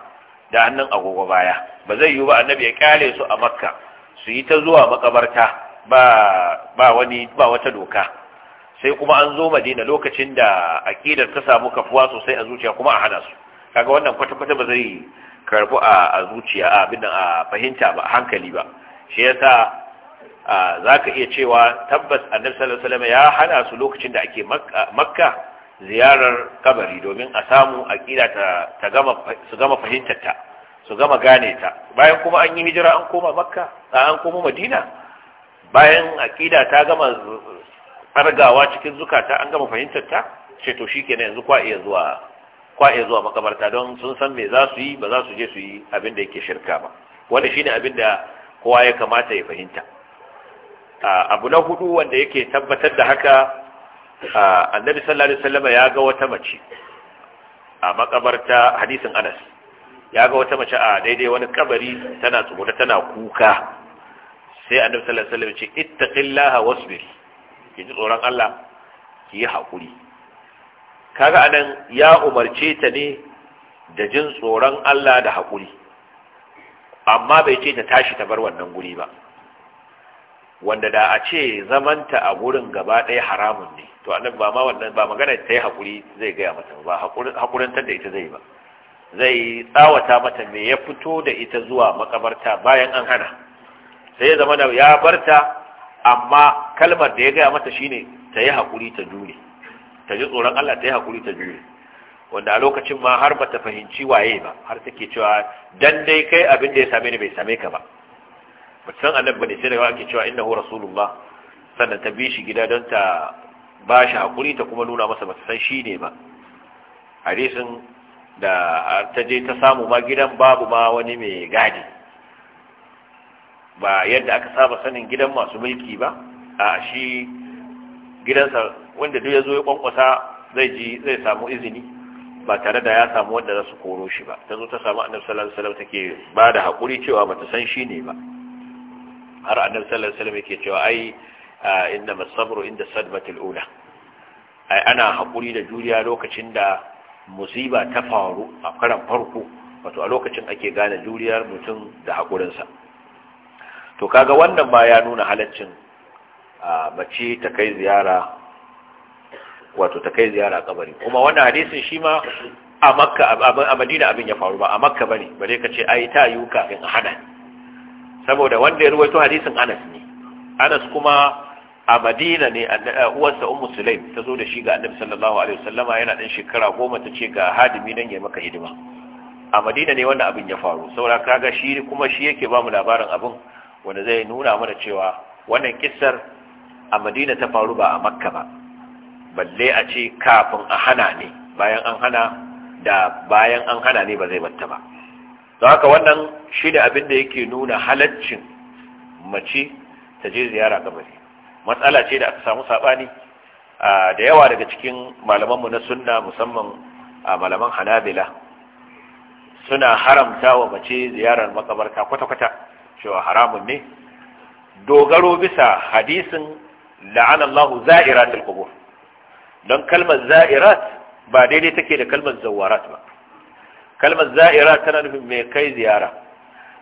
annan hannun agogo baya ba zai yiwu ba annabi ya kyale su a makka su yi ta zuwa makabarta ba wata doka sai kuma an zo madina lokacin da akidar ta samu kafuwa sosai a zuciya kuma a hana su kaga wannan kwata-kwata ba zai karbu a zuciya a abin a fahimta ba hankali ba shi yasa za ka iya cewa tabbas annabi sallallahu alaihi wasallam ya hana su lokacin da ake makka ziyarar kabari domin a samu aƙida ta su gama fahimtar su gama gane ta bayan kuma an yi hijira an koma makka a an koma madina bayan aƙida ta gama ɓargawa cikin zukata an gama fahimtar ta ce to shikenan yanzu kwa iya zuwa zuwa makabarta don sun san me za su yi ba za su je su yi abin da yake shirka ba wanda shine abin da kowa ya kamata ya fahimta abu na hudu wanda yake tabbatar da haka annabi sallallahu alaihi wasallam ya ga wata mace a makabarta hadisin Anas ya ga wata mace a daidai wani kabari tana tsugunta tana kuka sai annabi sallallahu alaihi wasallam ya ce ittaqillaha wasbir ki ji tsoron Allah ki yi hakuri kaga anan ya umarce ta ne da jin tsoron Allah da hakuri amma bai ce ta tashi ta bar wannan guri ba wanda da a ce zamanta a gurin gaba ɗaya haramun ne to annabi ba ma wannan ba magana ta yi hakuri zai gaya mata ba hakurantar da ita zai ba zai tsawata mata me ya fito da ita zuwa makabarta bayan an hana sai ya zama ya barta amma kalmar da ya gaya mata shine ta yi hakuri ta jure ta ji tsoron Allah ta yi hakuri ta jure wanda a lokacin ma har bata fahimci waye ba har take cewa dan dai kai abin da ya same ni bai same ka ba ba san annabi bane sai daga ake cewa innahu rasulullah sannan ta bi shi gida don ta ba shi hakuri ta kuma nuna masa bata san shi ne ba hadisin da ta je ta samu ma gidan babu ma wani mai gadi ba yadda aka saba sanin gidan masu mulki ba a shi gidansa wanda duk ya zo ya kwankwasa zai ji zai samu izini ba tare da ya samu wanda za su koro shi ba ta zo ta samu annabi sallallahu alaihi wasallam take ba da hakuri cewa bata san shi ne ba har annabi sallallahu alaihi wasallam yake cewa ai inna masabru inda sadmatul ula ai ana hakuri da juriya lokacin da musiba ta faru a karan farko wato a lokacin ake gane juriyar mutum da sa to kaga wannan ba ya nuna halaccin mace ta kai ziyara wato ta kai ziyara kabari kuma wannan hadisin shi ma a makka a madina abin ya faru ba a makka bane bare ka ce ai ta yuka kafin a hana saboda wanda ya ruwaito hadisin Anas ne Anas kuma a Madina ne uwarsa Ummu Sulaim ta zo da shi ga Annabi sallallahu alaihi wasallama yana dan shekara goma ta ce ga hadimi nan ya maka hidima a Madina ne wannan abin ya faru saboda kaga shi kuma shi yake ba mu labarin abin wanda zai nuna mana cewa wannan kissar a Madina ta faru ba a Makka ba balle a ce kafin a hana ne bayan an hana da bayan an hana ne ba zai batta ba don haka wannan shi ne abin da yake nuna halaccin mace ta je ziyara gabari. matsala ce da aka samu saɓani da yawa daga cikin malamanmu na sunna musamman a malaman hanabila suna haramta wa mace ziyarar makabarta kwata-kwata cewa haramun ne dogaro bisa hadisin la'anallahu za'irat al don kalmar za'irat ba daidai take da kalmar zawarat ba kalmar za'ira tana nufin mai kai ziyara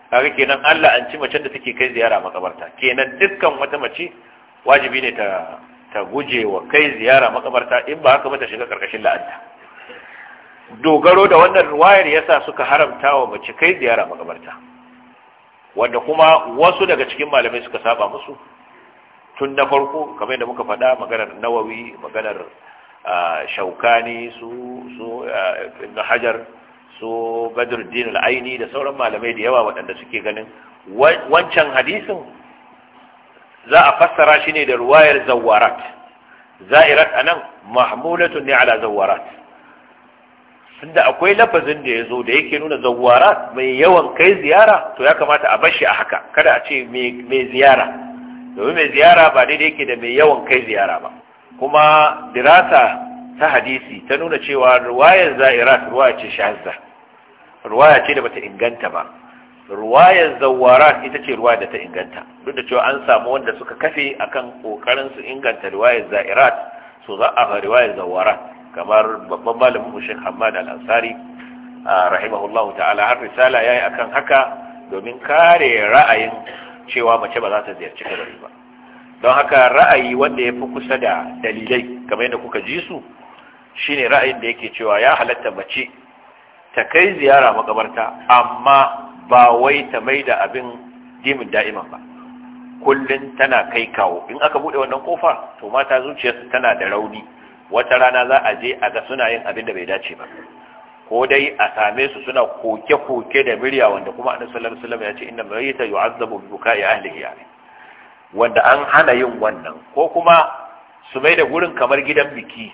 kaga kenan Allah an ci macen da take kai ziyara makabarta kenan dukkan wata mace wajibi ne ta ta guje wa kai ziyara makabarta in ba haka ba ta shiga karkashin la'anta dogaro da wannan ruwayar yasa suka haramta wa mace kai ziyara makabarta wanda kuma wasu daga cikin malamai suka saba musu tun na farko kamar yadda muka faɗa maganar nawawi maganar ah, shaukani su su ah, hajar su badruddin al'aini da sauran malamai da yawa waɗanda suke ganin wancan hadisin za a fassara shi ne da ruwayar zawarat za'irat anan nan mahmulatun ne ala zawarat tunda akwai lafazin da ya zo da yake nuna zawarat mai yawan kai ziyara to ya kamata a bar shi a haka kada a ce mai ziyara domin mai ziyara ba daidai yake da mai yawan kai ziyara ba kuma dirasa ta hadisi ta nuna cewa ruwayar za'irat ruwaya ce shahazza ruwaya ce da bata inganta ba ruwayar zawaran ita ce ruwaya da ta inganta duk da cewa an samu wanda suka kafe akan kokarin su inganta ruwayar za'irat so za a riwayar zawaran kamar babban malamin mu Hamad Al-Ansari rahimahullahu ta'ala har risala yayi akan haka domin kare ra'ayin cewa mace ba za ta ziyarci kabari ba don haka ra'ayi wanda ya fi kusa da dalilai kamar yadda kuka ji su shine ra'ayin da yake cewa ya halatta mace ta kai ziyara makabarta amma ba wai ta mai da abin dimin da'iman ba kullum tana kai kawo in aka bude wannan kofa to mata zuciyarsu tana da rauni wata rana za a je a ga suna yin abin da bai dace ba ko dai a same su suna koke-koke da murya wanda kuma annabi sallallahu alaihi wasallam ya ce inna mayyita yu'azzabu bi buka'i ahlihi yani wanda an hana yin wannan ko kuma su mai da gurin kamar gidan biki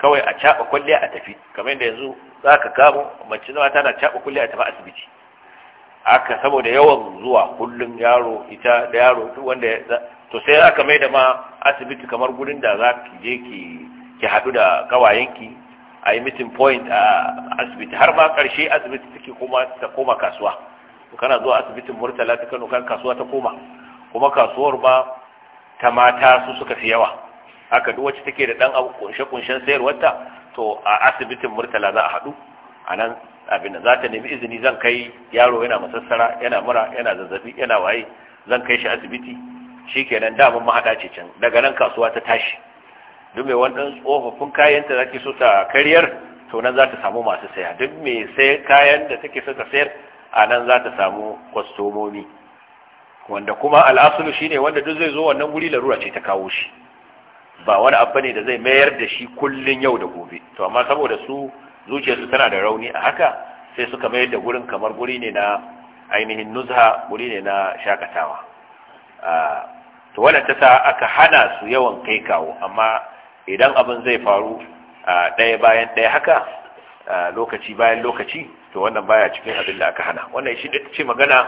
kawai a caɓa kwalliya a tafi kamar da yanzu za ka kamo mace zama tana caɓa kwalliya a tafi asibiti aka saboda yawan zuwa kullum yaro ita da yaro duk wanda to sai aka mai da ma asibiti kamar gurin da za ki je ki haɗu da kawayenki a yi meeting point a asibiti har ma ƙarshe asibiti take kuma ta koma kasuwa kana zuwa asibitin murtala ta kano kan kasuwa ta koma kuma kasuwar ba ta mata su suka fi yawa haka duk wacce take da dan abu kunshe kunshen sayarwarta to a asibitin murtala za a haɗu a abin da za ta nemi izini zan kai yaro yana masassara yana mura yana zazzabi yana waye zan kai shi asibiti shikenan damun mahaɗa ce can daga nan kasuwa ta tashi duk mai wani tsofaffin kayanta za ki so ta karyar to nan za ta samu masu saya duk mai sai kayan da take so ta sayar a nan za ta samu kwastomomi wanda kuma al'asulu shine wanda duk zai zo wannan guri larura ce ta kawo shi ba wani abu ne da zai mayar da shi kullun yau da gobe to amma saboda su zuciyarsu tana da rauni a haka sai suka mayar da gurin kamar guri ne na ainihin nuzha guri ne na shakatawa to wannan ta sa aka hana su yawan kai kawo amma idan abin zai faru ɗaya bayan ɗaya haka lokaci bayan lokaci to wannan baya cikin abin da aka hana wannan shi ce magana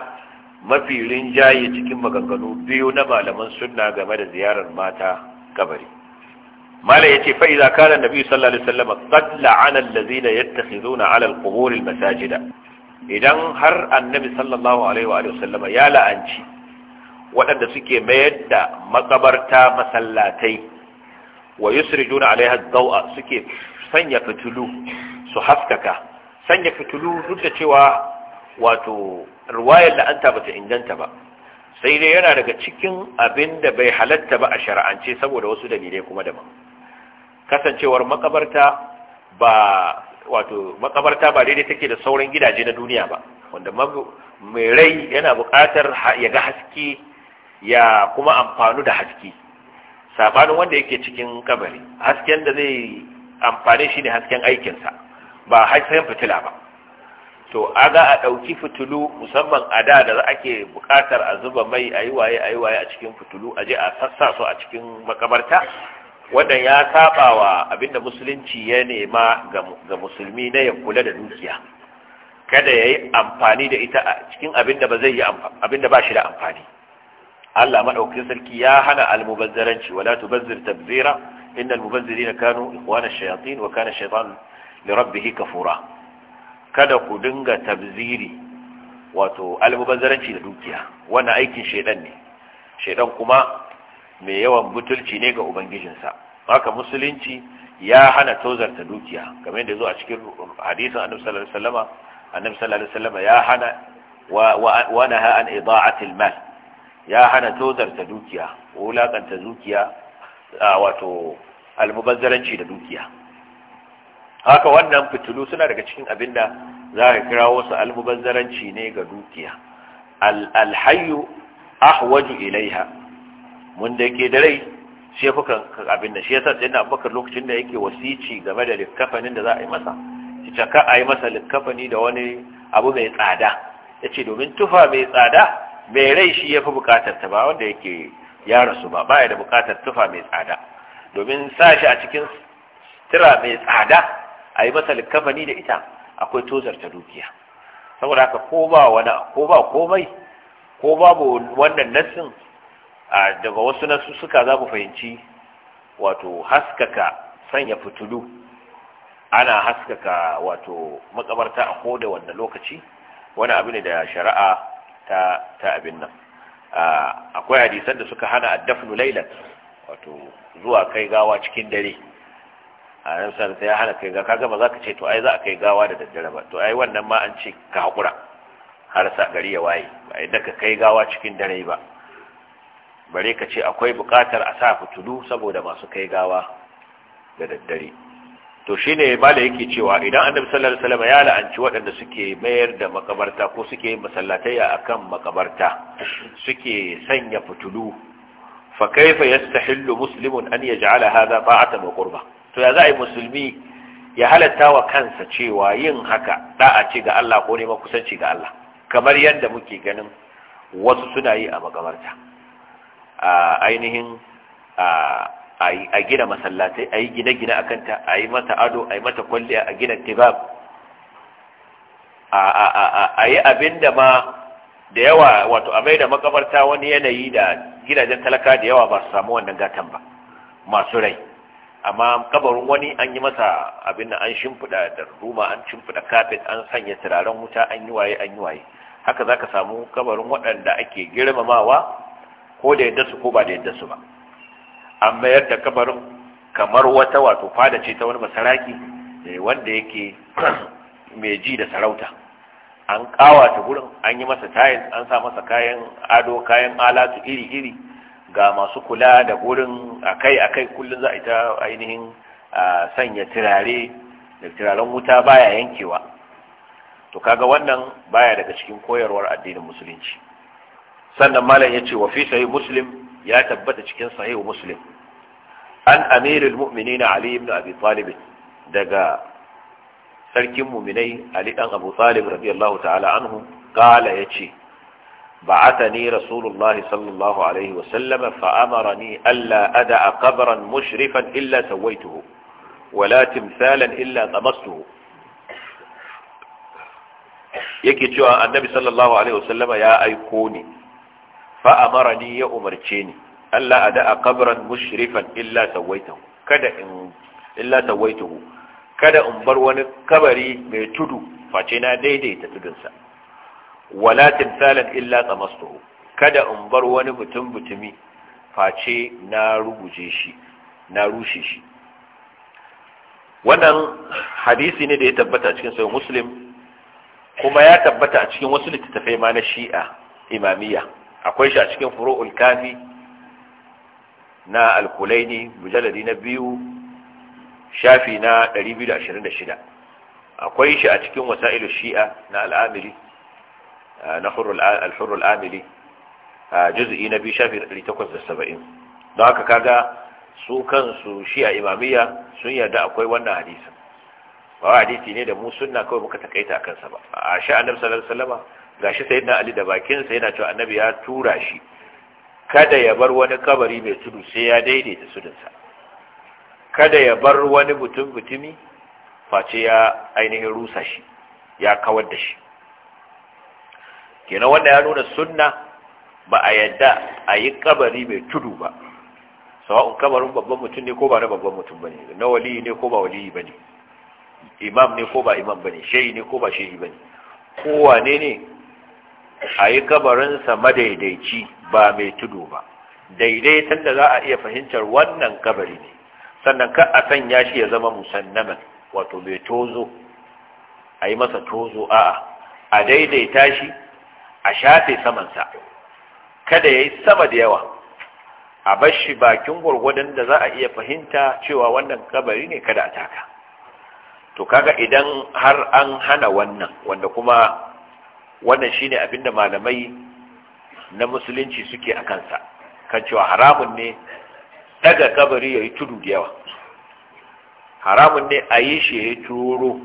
mafi rinjaye cikin maganganu biyu na malaman sunna game da ziyarar mata kabari mala ya ce idza kana nabi sallallahu alaihi wasallam qad la'ana allazina yattakhizuna ala alqubur almasajida idan har annabi sallallahu alaihi sallama ya la'anci waɗanda suke mayar da makabarta masallatai wa juna alaiha dawa suke sanya fitulu su haskaka sanya fitulu duk da cewa wato ruwayar la'anta bata inganta ba sai dai yana daga cikin abin da bai halatta ba a shara'ance saboda wasu dalilai kuma daban kasancewar makabarta ba wato makabarta ba daidai take da sauran gidaje na duniya ba wanda mai rai yana bukatar ya ga haske ya kuma amfanu da haske sabanin wanda yake cikin kabari hasken da zai amfani shi ne hasken aikinsa ba hasken fitila ba to a ga a ɗauki fitilu musamman a da da ake bukatar a zuba mai a yi waye a yi waye a cikin fitilu a je a sassa su a cikin makabarta wannan ya saba wa abinda musulunci ya nema ga musulmi na ya kula da dukiya kada ya yi amfani da ita a cikin abinda ba zai yi abinda ba shi da amfani Allah maɗaukin sarki ya hana almubazzaranci wala tubazzir tabzira innal mubazzirina kanu ikhwana ash-shayatin wa kana ash-shaytan li rabbih kafura kada ku dinga tabziri wato almubazzaranci da dukiya wannan aikin shaidan ne shaidan kuma mai yawan butulci ne ga ubangijinsa haka musulunci ya hana tozarta dukiya kamar yadda zo a cikin hadisin annabi sallallahu alaihi wasallam annabi sallallahu alaihi wasallam ya hana wa wa an ida'atil mal ya hana tozarta dukiya wulakanta dukiya wato almubazzaranci da dukiya haka wannan fitilu suna daga cikin abinda za ka kira wasu almubazzaranci ne ga dukiya alhayu ahwaju ilaiha mun da yake da rai shi yafi abin da shi yasa sai na abubakar lokacin da yake wasici game da likafanin da za a yi masa shi caka a yi masa likafani da wani abu mai tsada ya ce domin tufa mai tsada mai rai shi yafi bukatar ta ba wanda yake ya rasu ba baya da bukatar tufa mai tsada domin sa shi a cikin tira mai tsada a yi masa likkafani da ita akwai ta dukiya saboda haka ko ba wani ko ba komai ko babu wannan nassin a daga wasu nasu suka za mu fahimci wato haskaka sanya fitilu, ana haskaka wato makabarta a koda wanda lokaci wani abu ne da shari'a ta ta abin nan akwai hadisan da suka hana addafnu lailat wato zuwa kai gawa cikin dare a nan sanar sai ya hana kai gawa kaga ba za ka ce to ai za a kai gawa da daddare ba to ai wannan ma an ce ka hakura har sa gari ya waye ba idan ka kai gawa cikin dare ba bare ka ce akwai buƙatar a sa fitulu saboda masu kai gawa da daddare to shine Bala yake cewa idan annabi sallallahu alaihi ya la'anci waɗanda suke mayar da makabarta ko suke masallatai akan makabarta suke sanya fitulu fa kaifa yastahillu musulmin, an yaj'ala hadha a wa qurba to ya za a yi musulmi ya halatta wa kansa cewa yin haka da'a ci ga Allah ko neman kusanci ga Allah kamar yadda muke ganin wasu suna yi a makabarta ainihin a gina masallatai a yi gine-gine a kanta a yi mata ado a yi mata kwalliya a gina tibab a yi abin da ma da yawa wato a mai da makamarta wani yanayi da gidajen talaka da yawa ba su samu wannan gatan ba masu rai amma kabarin wani an yi masa abin da an shimfiɗa da ruma an shimfiɗa kafin an sanya turaren wuta an yi waye an yi waye haka za ka samu kabarin waɗanda ake girmamawa ko da yadda su ko ba da yadda su ba an mayar da kabarin kamar wata wato fada ce ta wani masaraki eh, wanda yake *clears throat* mai ji da sarauta an ta gurin an yi masa tayil an sa masa kayan ado kayan alatu iri-iri ga masu kula da gurin akai-akai kullum za a ita ainihin sanya turare da turaren wuta baya yankewa to kaga wannan baya daga cikin koyarwar addinin musulunci sannan malam yace wa fi sahih muslim ya tabbata cikin sahih muslim an amirul mu'minin ali ibn abi talib daga sarkin mu'minai ali dan abu talib radiyallahu ta'ala anhu qala yace بعثني sallallahu alaihi wa sallam عليه وسلم فأمرني ألا أدع قبرا مشرفا إلا سويته ولا تمثالا إلا طمسته yake cewa annabi sallallahu alaihi wa wasallama ya aiko ni fa amarani ya umarce ni Allah a da'a kabran mushrifan illa sawaitahu kada in illa kada in bar wani kabari mai tudu face na daidaita tudunsa wala timsalan illa tamastuhu kada in bar wani mutum mutumi face na ruguje shi na rushe shi wannan hadisi ne da ya tabbata cikin sahih muslim kuma ya tabbata a cikin wasu littattafai ma na shi'a imamiyya akwai shi a cikin furu'ul kafi na alkulaini mujalladi na biyu shafi na 226 akwai shi a cikin wasa'ilu shi'a na al'amiri na alhurul amiri a juz'i na biyu shafi 870 don haka kaga su kansu shi'a imamiyya sun yarda akwai wannan hadisin ba hadisi ne da mu sunna kawai muka takaita a kansa ba a sha'anar sallallahu alaihi wasallama gashi sai na ali da bakinsa yana cewa annabi ya tura shi kada ya bar wani kabari mai tudu sai ya daidaita sudunsa kada ya bar wani mutum mutumi face ya ainihin rusa shi ya kawar da shi kenan wanda ya nuna sunna ba a yadda a yi kabari mai tudu ba sawa'un kabarin babban mutum ne ko ba na babban mutum ba ne na wali ne ko ba wali ba ne imam ne ko ba imam ba ne shehi ne ko ba shehi ba ne kowane ne a yi kabarinsa madaidaici ba mai tudu ba daidaitan da za a iya fahimtar wannan kabari ne sannan ka a sanya shi ya zama musannaman wato mai tozo a yi masa tozo a a daidaita shi a shafe samansa kada ya yi sama da yawa a bar shi bakin gwargwadon da za a iya fahimta cewa wannan kabari ne kada a taka to kaga idan har an hana wannan wanda kuma wannan shi shine abinda malamai na musulunci suke a kansa kan cewa haramun ne daga kabari ya yi tudu da yawa haramun ne a yi shi ya yi turo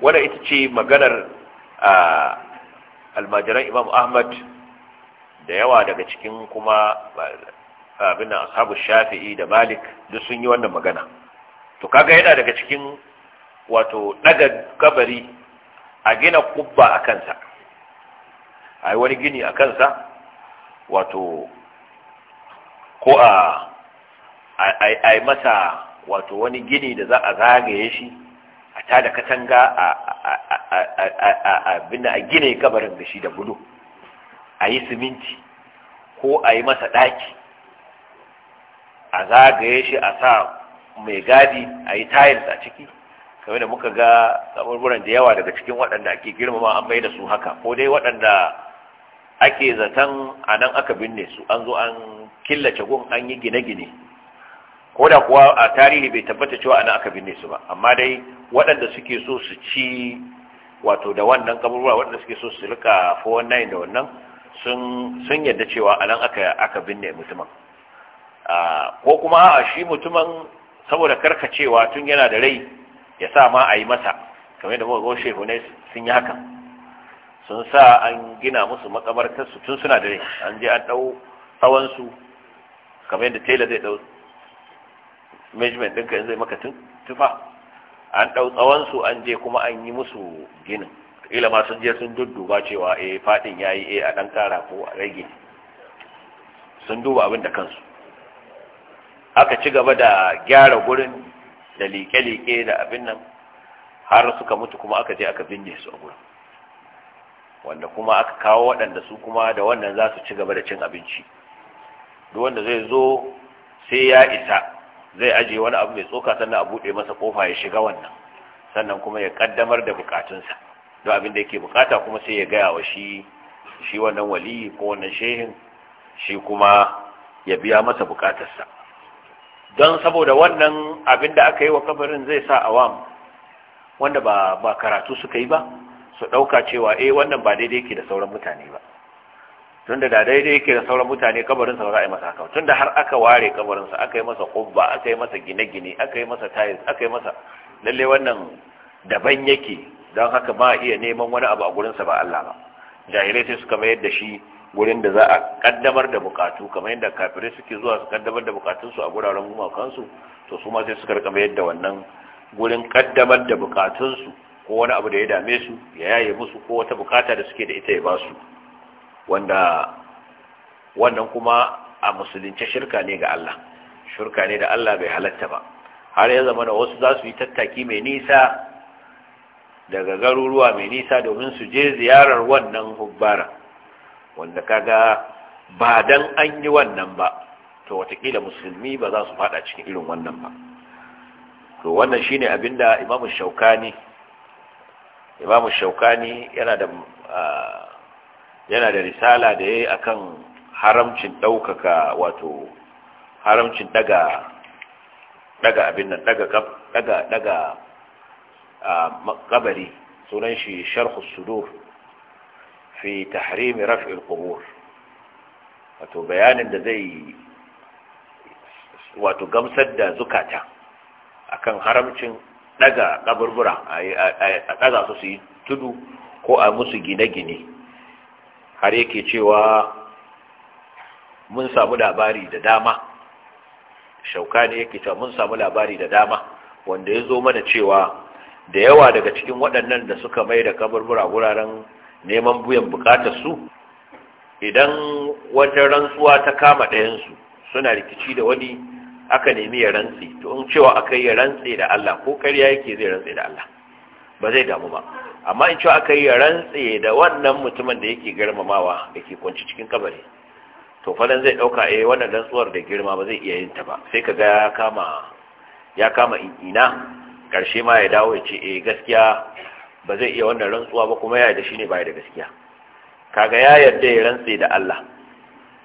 wanda ita ce maganar almajiran imam ahmad da yawa daga cikin kuma abin ashabu shafi'i da malik duk sun yi wannan magana to kaga yana daga cikin wato daga kabari a gina kubba a kansa a wani gini a kansa wato ko a a yi masa wato wani gini da za a zagaye shi a ta da katanga a gine kabarin da shi da bulu a yi siminti ko a yi masa ɗaki a zagaye shi a sa mai gadi a yi tayils a ciki kame da muka ga kaburburan da yawa daga cikin waɗanda ake girmama an mai da su haka ko dai waɗanda ake zaton a nan aka binne su an zo an killace gun an yi gine-gine ko da kuwa a tarihi bai tabbata cewa a nan aka binne su ba amma dai waɗanda suke so su ci wato da wannan kaburwa waɗanda suke so su rika 419 da wannan sun yadda cewa a nan aka binne mutumin ko kuma a shi mutumin saboda karka cewa tun yana da rai ya sa ma a yi masa kamar da muka goshe hunai sun yi hakan sun sa an gina musu makabartarsu tun suna da rai an je an ɗau tsawonsu kamar yadda tailor zai ɗau management ɗinka yanzu zai maka tufa an ɗau tsawonsu an je kuma an yi musu ginin ila ma sun je sun dudduba cewa eh faɗin ya yi eh a ɗan ƙara ko a rage sun duba abin da kansu aka ci gaba da gyara gurin da liƙe-liƙe da abin nan har suka mutu kuma aka je aka binne su a gurin wanda kuma aka kawo waɗanda su kuma da wannan za su ci gaba da cin abinci duk wanda zai zo sai ya isa zai aje wani abu mai tsoka sannan a buɗe masa kofa ya shiga wannan sannan kuma ya ƙaddamar da bukatunsa don abin da yake bukata kuma sai ya gaya wa shi shi wannan wali ko wannan shehin shi kuma ya biya masa bukatarsa don saboda wannan abin da aka yi wa kabarin zai sa awam wanda ba karatu suka yi ba su ɗauka cewa eh wannan ba daidai yake da sauran mutane ba tunda da daidai yake da sauran mutane kabarinsa sa za a yi masa haka tunda har aka ware kabarin sa aka yi masa kubba aka yi masa gine-gine aka yi masa tiles aka yi masa lalle wannan daban yake don haka ba iya neman wani abu a gurin sa ba Allah ba jahilai sai suka mayar da shi gurin da za a kaddamar da bukatu kamar yadda kafirai suke zuwa su kaddamar da bukatunsu a guraren gumakansu to su ma sai suka rika mayar da wannan gurin kaddamar da bukatunsu ko wani abu da ya dame su ya yaye musu ko wata bukata da suke da ita ya ba su wanda wannan kuma a musulunci shirka ne ga Allah shirka ne da Allah bai halatta ba har ya zama da wasu za su yi tattaki mai nisa daga garuruwa mai nisa domin su je ziyarar wannan hubbara wanda kaga ba dan an yi wannan ba to watakila musulmi ba za su fada cikin irin wannan ba to wannan shine abinda imamu shaukani imamu shaukani yana da yana da risala da yayi akan haramcin daukaka wato haramcin daga daga abin nan daga daga daga sunan shi sharhu sudur fi tahrim raf'i al-qubur wato bayanin da zai wato gamsar da zukata akan haramcin daga kaburbura a daga su yi tudu ko a musu gine-gine har yake cewa mun samu labari da dama shauka ne yake cewa mun samu labari da dama wanda ya zo mana cewa da yawa daga cikin waɗannan da suka mai da kaburbura wuraren neman buyan bukatar su idan wata rantsuwa ta kama ɗayansu suna rikici da wani aka nemi ya rantse to in cewa aka yi ya rantse da Allah ko karya yake zai rantse da Allah ba zai damu ba amma in cewa aka yi ya rantse da wannan mutumin da yake girmamawa da ke kwanci cikin kabari to falan zai dauka eh wannan rantsuwar da girma ba zai iya yin ta ba sai kaga ya kama ya kama ina karshe ma ya dawo ya ce eh gaskiya ba zai iya wannan rantsuwa ba kuma ya da shi shine ba da gaskiya kaga ya yarda ya rantse da Allah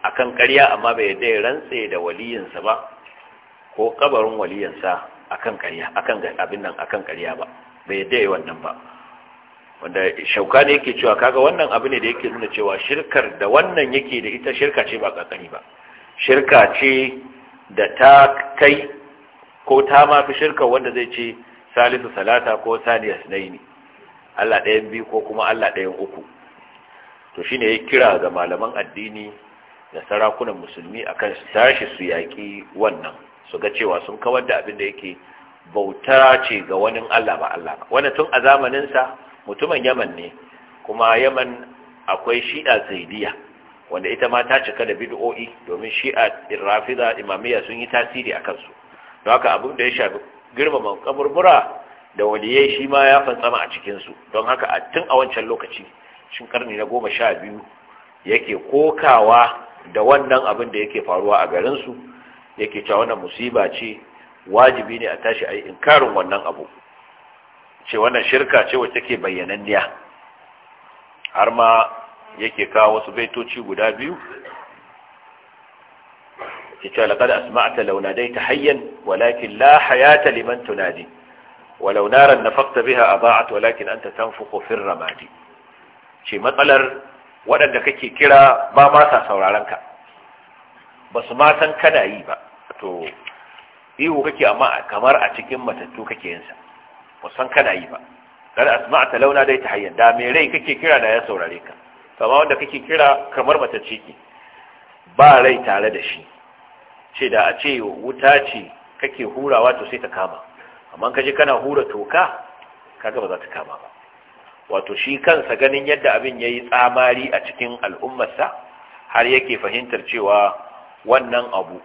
akan ƙarya amma bai yarda ya rantse da waliyinsa ba ko kabarin waliyansa akan ƙarya akan abin nan akan ƙarya ba bai yadda yi wannan ba wanda shauka ne yake cewa kaga wannan abu ne da yake nuna cewa shirkar da wannan yake da ita shirka ce ba kankani ba shirka ce da ta kai ko ta ma fi shirka wanda zai ce salisu salata ko saniya naini Allah ɗayan biyu ko kuma Allah ɗayan uku to shi ne ya kira ga malaman addini da sarakunan musulmi akan su tashi su yaƙi wannan su ga cewa sun kawar da abin da yake bauta ce ga wani Allah ba Allah ba wannan tun a zamaninsa mutumin Yaman ne kuma Yaman akwai shi'a zaidiya wanda ita ma ta cika da bid'o'i domin shi'a irrafida imamiyya sun yi tasiri a kansu don haka abin da ya shafi girmama kaburbura da waliyai shi ma ya fantsama a cikinsu don haka a tun a wancan lokaci shin karni na goma sha biyu yake kokawa da wannan abin da yake faruwa a garinsu yake cewa wannan musiba ce wajibi ne a tashi a yi inkarin wannan abu ce wannan shirka ce wacce take bayyananniya har ma yake kawo wasu baitoci guda biyu ke cewa laƙar asma'ata launadai ta hayyan walakin la hayata liman tunadi wa launaran na fakta biha a walakin an ta tanfi kofin ramadi ce matsalar waɗanda kake kira ba ma sa sauraronka ba su ma san kana yi ba to ihu kake amma kamar a cikin matattu kake yin sa ba san kana yi ba dan asma'ta launa dai ta hayyan da me rai kake kira da ya saurare ka kamar wanda kake kira kamar matacce ke ba rai tare da shi ce da a ce wuta ce kake hurawa to sai ta kama amma kaje kana hura toka kaga ba za ta kama ba wato shi kansa ganin yadda abin yayi tsamari a cikin al'ummarsa har yake fahimtar cewa wannan abu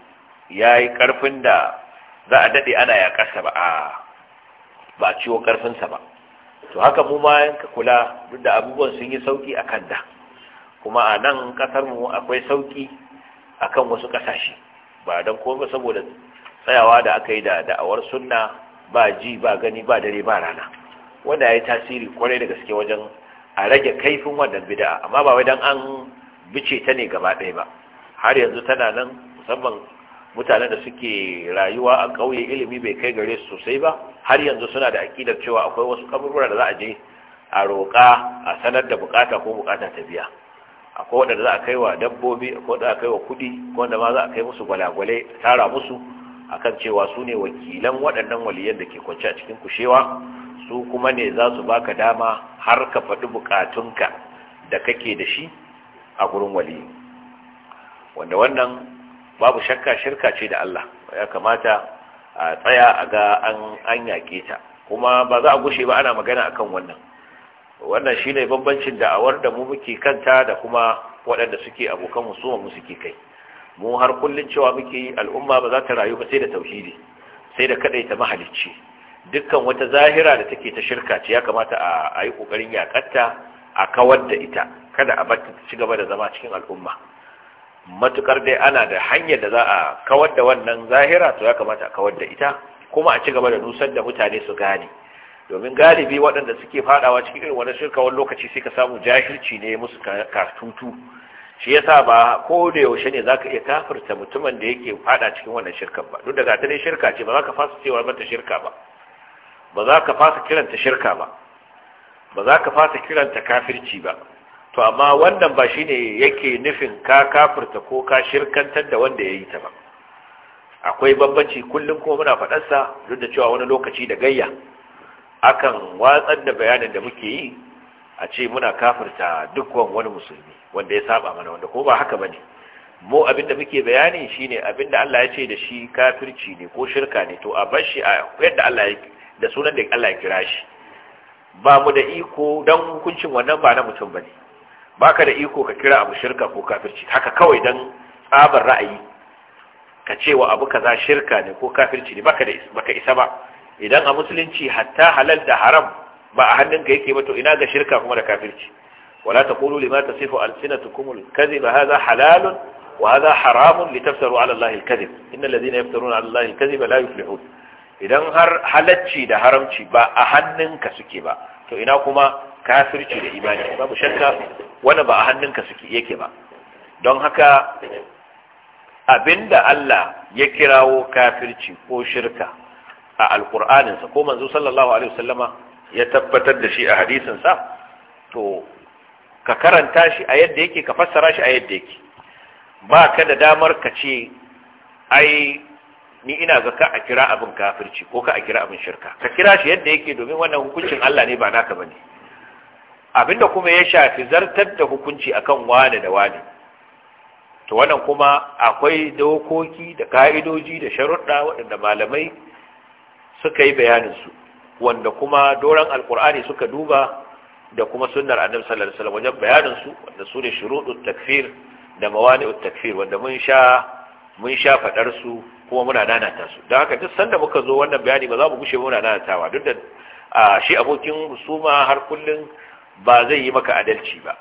ya yi ƙarfin da za a daɗe ana yaƙarsa ba ba a ciwo ƙarfinsa ba to haka mu ma yanka kula duk da abubuwan sun yi sauƙi a kan da kuma a nan ƙasarmu akwai sauƙi a kan wasu ƙasashe ba don kome saboda tsayawa da aka yi da da'awar sunna ba ji ba gani ba dare ba rana wanda ya yi tasiri kwarai da gaske wajen a rage kaifin wannan bida, amma ba wai an bice ta ne gaba ɗaya ba har yanzu tana nan musamman mutanen da suke rayuwa a ƙauye ilimi bai kai gare su sosai ba har yanzu suna da aƙidar cewa akwai wasu kaburbura da za a je a roƙa a sanar da bukata ko bukata ta biya akwai waɗanda za a kai wa dabbobi akwai waɗanda za a kai wa kuɗi ko wanda ma za a kai musu gwalagwale tara musu akan cewa su ne wakilan waɗannan waliyan da ke kwance a cikin kushewa su kuma ne za su baka dama har ka faɗi bukatunka da kake da shi a gurin waliyi wanda wannan babu shakka shirka ce da Allah ya kamata a tsaya a ga an yaƙe ta kuma ba za a gushe ba ana magana akan wannan wannan shine bambancin da'awar da mu muke kanta da kuma waɗanda suke abokan mu suma mu suke kai mu har kullun cewa muke al'umma ba za ta rayu ba sai da tauhidi sai da kadai ta mahalicci dukkan wata zahira da take ta shirka ce ya kamata a ayi kokarin yakatta a kawar da ita kada a bar ta ci gaba da zama cikin al'umma matukar dai ana da hanyar da za a kawar da wannan zahira to ya kamata a kawar da ita kuma a ci gaba da nusar da mutane su gane domin galibi waɗanda suke fadawa cikin irin wani shirka wani lokaci sai ka samu jahilci ne musu kartutu shi yasa ba ko da yaushe ne zaka iya kafirta mutumin da yake fada cikin wannan shirkan ba duk da ga shirka ce ba za ka fasa cewa mata shirka ba ba za ka fasa kiranta shirka ba ba za ka fasa kiranta kafirci ba to amma wannan ba shine yake nufin ka kafirta ko ka shirkantar da wanda ya yi ta ba akwai bambanci kullum ko muna faɗarsa duk da cewa wani lokaci da gayya akan watsar da bayanin da muke yi a ce muna kafirta dukkan wani musulmi wanda ya saba mana wanda ko ba haka bane mu abinda muke bayani shine abinda Allah ya ce da shi kafirci ne ko shirka ne to a bar shi a yadda Allah ya da sunan da Allah ya kira shi ba mu da iko dan hukuncin wannan ba na mutum bane baka da iko ka kira abu shirka ko kafirci haka kawai don tsabar ra'ayi ka ce wa abu kaza shirka ne ko kafirci ne baka da baka isa ba idan a musulunci hatta halal da haram ba a hannun hannunka yake ba to ina ga shirka kuma da kafirci wala taqulu lima tasifu alsinatukum alkadhiba hadha halalun وهذا حرام لتفتروا على الله الكذب إن الذين يفترون على الله الكذب لا يفلحون idan har halacci da haramci ba a hannun ka suke ba to ina kuma kafirci da imani babu shakka Wani ba a hannunka suke yake ba don haka abinda Allah ya kirawo kafirci ko shirka a alkur'aninsa ko manzo sallallahu alaihi wasallama ya tabbatar da shi a hadisinsa to ka karanta shi a yadda yake ka fassara shi a yadda yake ba ka da damar ka ce ai ni ina zaka a kira abin kafirci ko ka a kira abin shirka ka kira shi yadda yake domin wannan hukuncin Allah ne ba naka bane abinda kuma ya shafi zartar da hukunci akan wane da wane to wannan kuma akwai dokoki da ka'idoji da sharuɗa waɗanda malamai suka yi bayaninsu wanda kuma doron alkur'ani suka duba da kuma sunnar annabi sallallahu alaihi wasallam wajen bayaninsu wanda su ne shuruɗut takfir da mawani'ut takfir wanda mun sha mun sha fadar su kuma muna nanata su don haka duk sanda muka zo wannan bayani ba za mu gushe muna nanatawa duk da shi abokin musuma har kullun ba zai yi maka adalci ba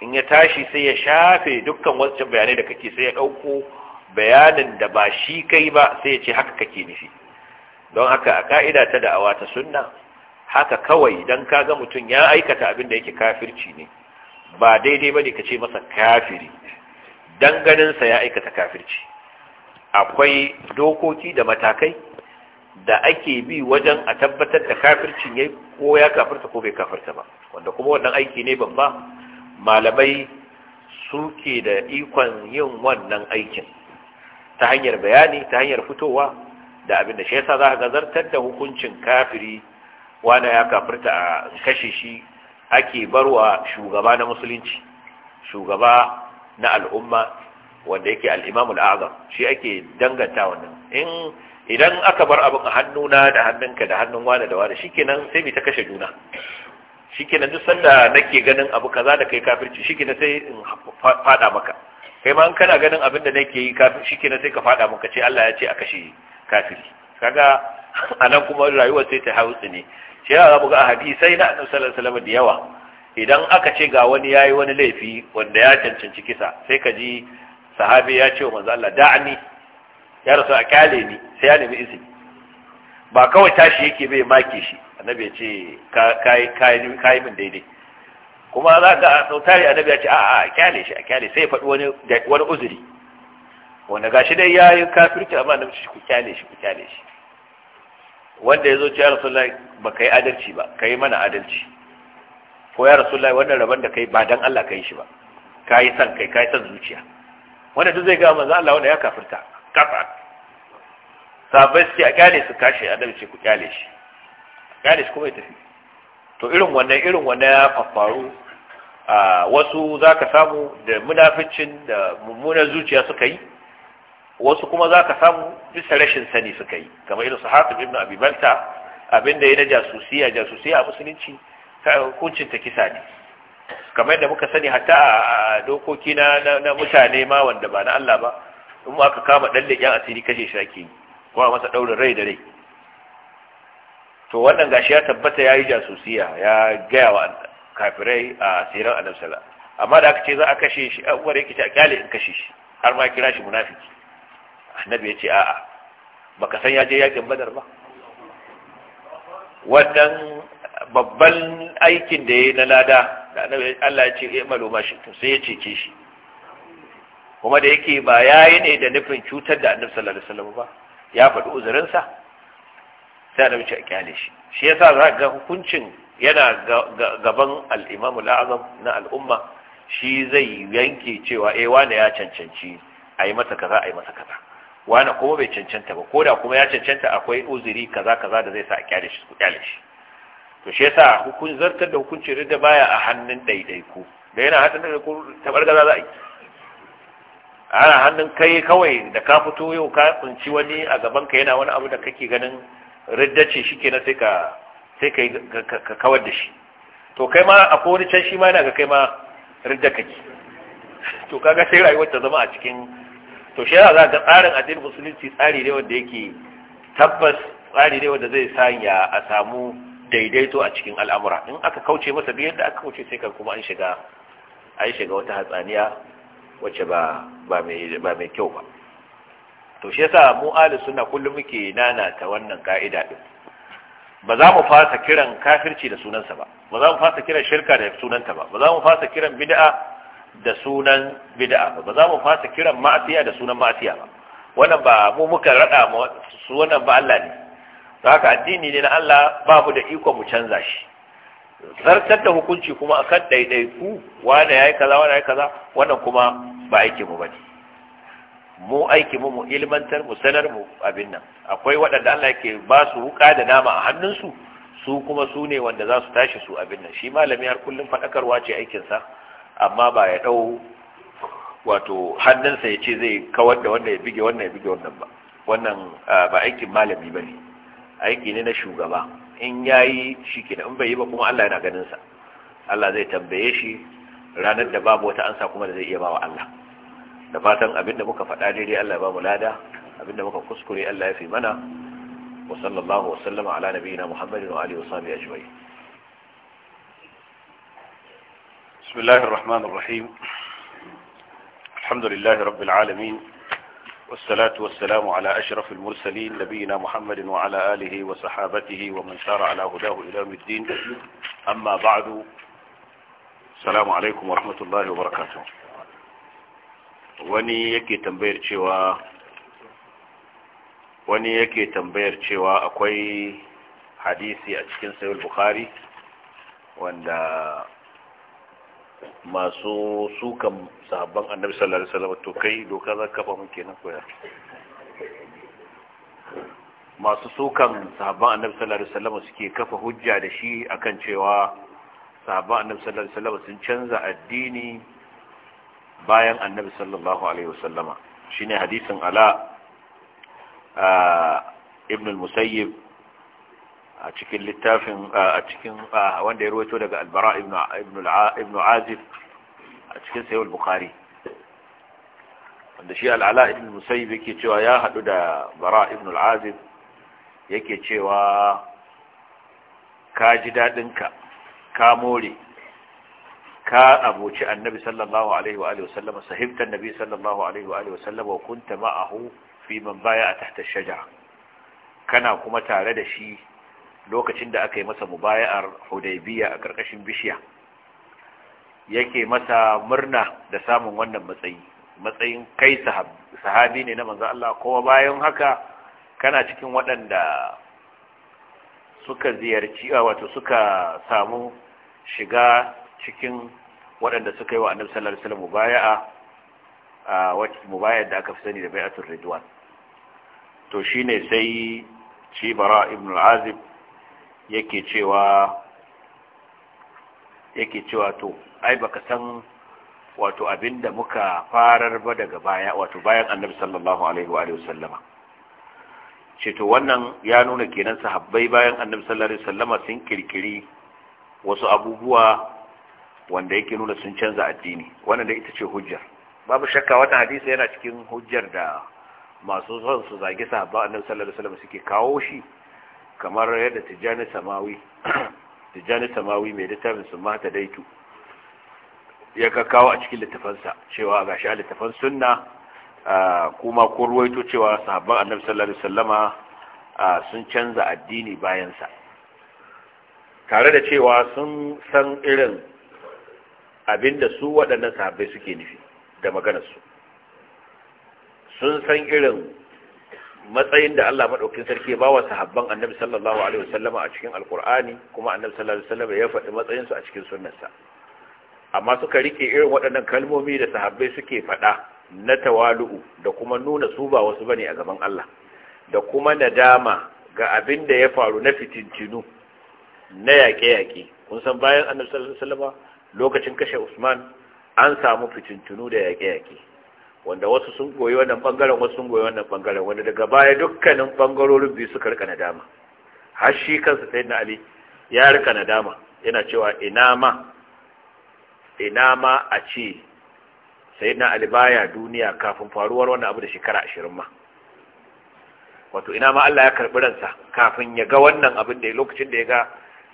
in ya tashi sai ya shafe dukkan wasu bayanai da kake sai ya ɗauko bayanin da ba shi kai ba sai ya ce haka kake nufi don haka a ka'ida ta da'awa ta sunna haka kawai don ga mutum ya aikata abin da yake kafirci ne ba daidai ba ne ka ce masa kafiri don ganinsa ya aikata kafirci akwai dokoki da matakai da ake bi wajen a tabbatar da kafircin ya ko ya kafirta ko bai kafarta ba wanda kuma wannan aiki ne babba malamai suke da ikon yin wannan aikin ta hanyar bayani ta hanyar fitowa da abin da shi yasa za ka zartar da hukuncin kafiri wanda ya kafirta a kashe shi ake barwa shugaba na musulunci shugaba na al'umma wanda yake al-imam azam shi ake danganta wannan in idan aka bar abin hannuna da hannunka da hannun wani da wani shikenan sai mu ta kashe juna shikenan duk sanda nake ganin abu kaza da kai kafirci na sai in fada maka kai ma kana ganin abin da nake yi kafin na sai ka fada maka ce Allah ya ce a kashe kafiri kaga *laughs* anan kuma rayuwa sai ta hausu ne shi ya za mu ga hadisai na annabi sallallahu alaihi da yawa idan aka ce ga wani yayi wani laifi wanda ya cancanci kisa sai ka ji sahabi ya ce wa manzo Allah da'ani ya rasu a kyale ni sai ya nemi izini ba kawai tashi yake bai make shi annabi ya ce kayi min daidai kuma za ga sau tari annabi ya ce a a kyale shi a kyale sai ya faɗi wani uzuri wanda gashi dai ya yi kafirci amma annabi shi ku kyale shi ku kyale shi wanda ya zo ce ya rasulullahi ba ka yi adalci ba ka yi mana adalci ko ya rasulullahi wannan rabon da kai ba dan Allah ka yi shi ba ka yi san kai ka yi san zuciya wanda duk zai ga manzo Allah wanda ya kafirta kafa sabai suke a kyale su kashe annabi ce ku kyale shi gane shi kuma ya tafi to irin wannan irin wannan ya faru a wasu zaka samu da munaficin da mummunan zuciya suka yi wasu kuma zaka samu bisa rashin sani suka yi kamar irin su ibn Abi Balta abinda yana jasusiya jasusiya a musulunci hukuncin ta kisa ne kamar yadda muka sani hatta a dokoki na na mutane ma wanda ba na Allah ba in aka kama dalle leƙen asiri kashe shi ake yi ko a masa ɗaurin rai da rai to wannan gashi ya tabbata ya yi jasusiya ya gaya wa kafirai a siran annabi sallallahu amma da aka ce za a kashe shi a uwar yake ta kyale in kashe shi har ma kira shi munafiki annabi ya ce a'a baka san ya je yakin badar ba wannan babban aikin da ya yi na lada da annabi Allah ya ce ya eh, malo mashi to sai ya cece shi kuma da yake ba yi ne da nufin cutar da annabi sallallahu alaihi wasallam ba ya faɗi uzurinsa sai annabi ce a kyale shi shi sa za ga hukuncin yana gaban al'imamu la'azam na al'umma shi zai yanke cewa eh wane ya cancanci a yi masa kaza a yi masa kaza wane kuma bai cancanta ba ko da kuma ya cancanta akwai uzuri kaza kaza da zai sa a kyale shi ku kyale shi to shi yasa hukun zartar da hukuncin rida baya a hannun ɗaiɗaiku da yana hannun da ku tabar gaza za a yi ana hannun kai kawai da ka fito yau ka tsinci wani a gaban ka yana wani abu da kake ganin riddace shi kenan sai ka sai ka kawar da shi to kai ma akwai wani can shi ma yana ga kai ma ridda kake *laughs* to kaga sai rayuwar ta zama a cikin to shi yana za ga tsarin addinin musulunci tsari ne wanda yake tabbas tsari ne wanda zai sanya a samu daidaito a cikin al'amura in aka kauce masa biyar da aka kauce sai ka kuma an shiga an shiga wata hatsaniya wacce ba ba mai kyau ba to shi yasa mu ahli sunna kullum muke nanata wannan ka'ida din ba za mu fasa kiran kafirci da sunansa ba ba za mu fasa kiran shirka da sunanta ba ba za mu fasa kiran bid'a da sunan bid'a ba ba za mu fasa kiran ma'asiya da sunan ma'asiya ba wannan ba mu muka rada mu su wannan ba Allah ne haka addini ne na Allah babu da iko mu canza shi zartar da hukunci kuma akan daidaiku wanda yayi kaza wanda yayi kaza wannan kuma ba yake mu bane mu aiki mu mu ilmantar mu sanar mu abin nan akwai waɗanda Allah yake ba su wuka da nama a hannunsu su kuma su ne wanda za su tashi su abin nan shi malami har kullum faɗakarwa ce aikinsa amma ba ya ɗau wato hannunsa ya ce zai kawar da wannan ya bige wannan ya bige wannan ba wannan ba aikin malami ba ne aiki ne na shugaba in ya yi shi ke in bai yi ba kuma Allah yana ganinsa Allah zai tambaye shi ranar da babu wata ansa kuma da zai iya ba wa Allah da fatan abinda muka faɗa daidai Allah ya ba mu lada abinda muka kuskure Allah ya fi mana wa sallallahu wa sallama ala nabiyina Muhammadin wa alihi wa sahbihi ajma'in bismillahir rahmanir rahim alhamdulillahi rabbil alamin was was salatu ala والصلاة والسلام على أشرف المرسلين نبينا محمد وعلى آله وصحابته ومن سار على هداه إلى الدين أما بعد السلام عليكم ورحمة الله وبركاته wani yake tambayar cewa wani yake tambayar cewa akwai hadisi a cikin sayar bukhari wanda masu sukan sahabban annabi sallallahu alaihi wasallam to kai doka za ka kafa mun kenan koya masu sukan sahabban annabi sallallahu alaihi wasallam suke kafa hujja da shi akan cewa sahabban annabi sallallahu alaihi wasallam sun canza addini bayan annabi sallallahu alaihi wasallama shine hadisin ala ibn al-musayyib a cikin littafin a cikin wanda ya ruwaito daga albara ibn azif a cikin al bukhari wanda shi al-ala ibn musayyib yake cewa ya hadu da bara ibn Al-Casib azif yake cewa ka ji daɗinka ka more ka abuci annabi sallallahu alaihi wa alihi sallama sahibta annabi sallallahu alaihi wa alihi sallama wa kunta ma'ahu fi man baya tahta shajara kana kuma tare da shi lokacin da aka yi masa mubaya'ar hudaybiya a karkashin bishiya yake masa murna da samun wannan matsayi matsayin kai sahabi ne na manzo Allah kuma bayan haka kana cikin waɗanda suka ziyarci wato suka samu shiga cikin waɗanda suka yi wa annabi sallallahu alaihi wasallam mubaya'a a wacce mubayar da aka fi sani da bai'atul ridwan to shine sai shi bara ibn azib yake cewa yake cewa to ai baka san wato abinda muka farar ba daga baya wato bayan annabi sallallahu alaihi wa alihi wasallama ce to wannan ya nuna kenan sahabbai bayan annabi sallallahu alaihi wasallama sun kirkiri wasu abubuwa wanda yake nuna sun canza addini wannan da ita ce hujjar babu shakka wannan hadisi yana cikin hujjar da masu son su zagi sahabba annabi sallallahu alaihi wasallam suke kawo shi kamar yadda tijani samawi *clears throat* tijani samawi mai littafin su mata daitu ya ka kawo a cikin littafansa cewa gashi a littafan sunna kuma ko ruwaito cewa sahabban annabi sallallahu alaihi wasallam sun canza addini bayansa tare da cewa sun san irin abinda su waɗannan sahabbai suke nufi da maganarsu sun san irin matsayin da Allah maɗaukin sarki ba wa sahabban annabi sallallahu alaihi wasallama a cikin alkur'ani kuma annabi sallallahu alaihi wasallama ya faɗi matsayinsu a cikin sunnarsa amma suka rike irin waɗannan kalmomi da sahabbai suke faɗa na tawalu'u da kuma nuna su ba wasu bane a gaban Allah da kuma nadama ga abin da ya faru na fitintinu na yaƙe-yaƙe kun san bayan annabi sallallahu alaihi wasallama lokacin kashe usman an samu fitintunu da yaƙe-yaƙe wanda wasu sun goyi wannan bangaren wasu sun goyi wannan bangaren wanda daga baya dukkanin bangarorin biyu suka rika nadama har shi kansa na ali ya rika nadama yana cewa ina ma ina ma a ce na ali baya duniya kafin faruwar wannan abu da shekara 20 ma wato ina ma Allah ya karbi ransa kafin ya ga wannan abin da lokacin da ya ga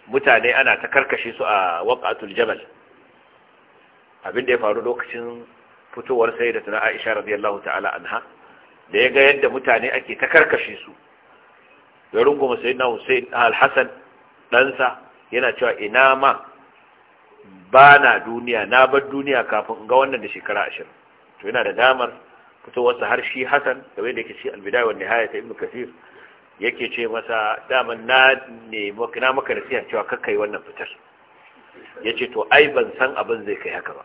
mutane ana ta karkashe su a waqatul jabal abin da ya faru lokacin fitowar sai da tana aisha radiyallahu ta'ala anha da ya ga yadda mutane ake ta karkashe su ya runguma sai na hussein alhassan ɗansa yana cewa ina ma ba na duniya na bar duniya kafin in ga wannan da shekara ashirin to yana da damar fitowarsa har shi hassan da wanda yake al albidai wa nihaya ta ibnu kasir yake ce masa daman na ne na maka nasiha cewa kakkai wannan fitar yace to ai ban san abin zai kai haka ba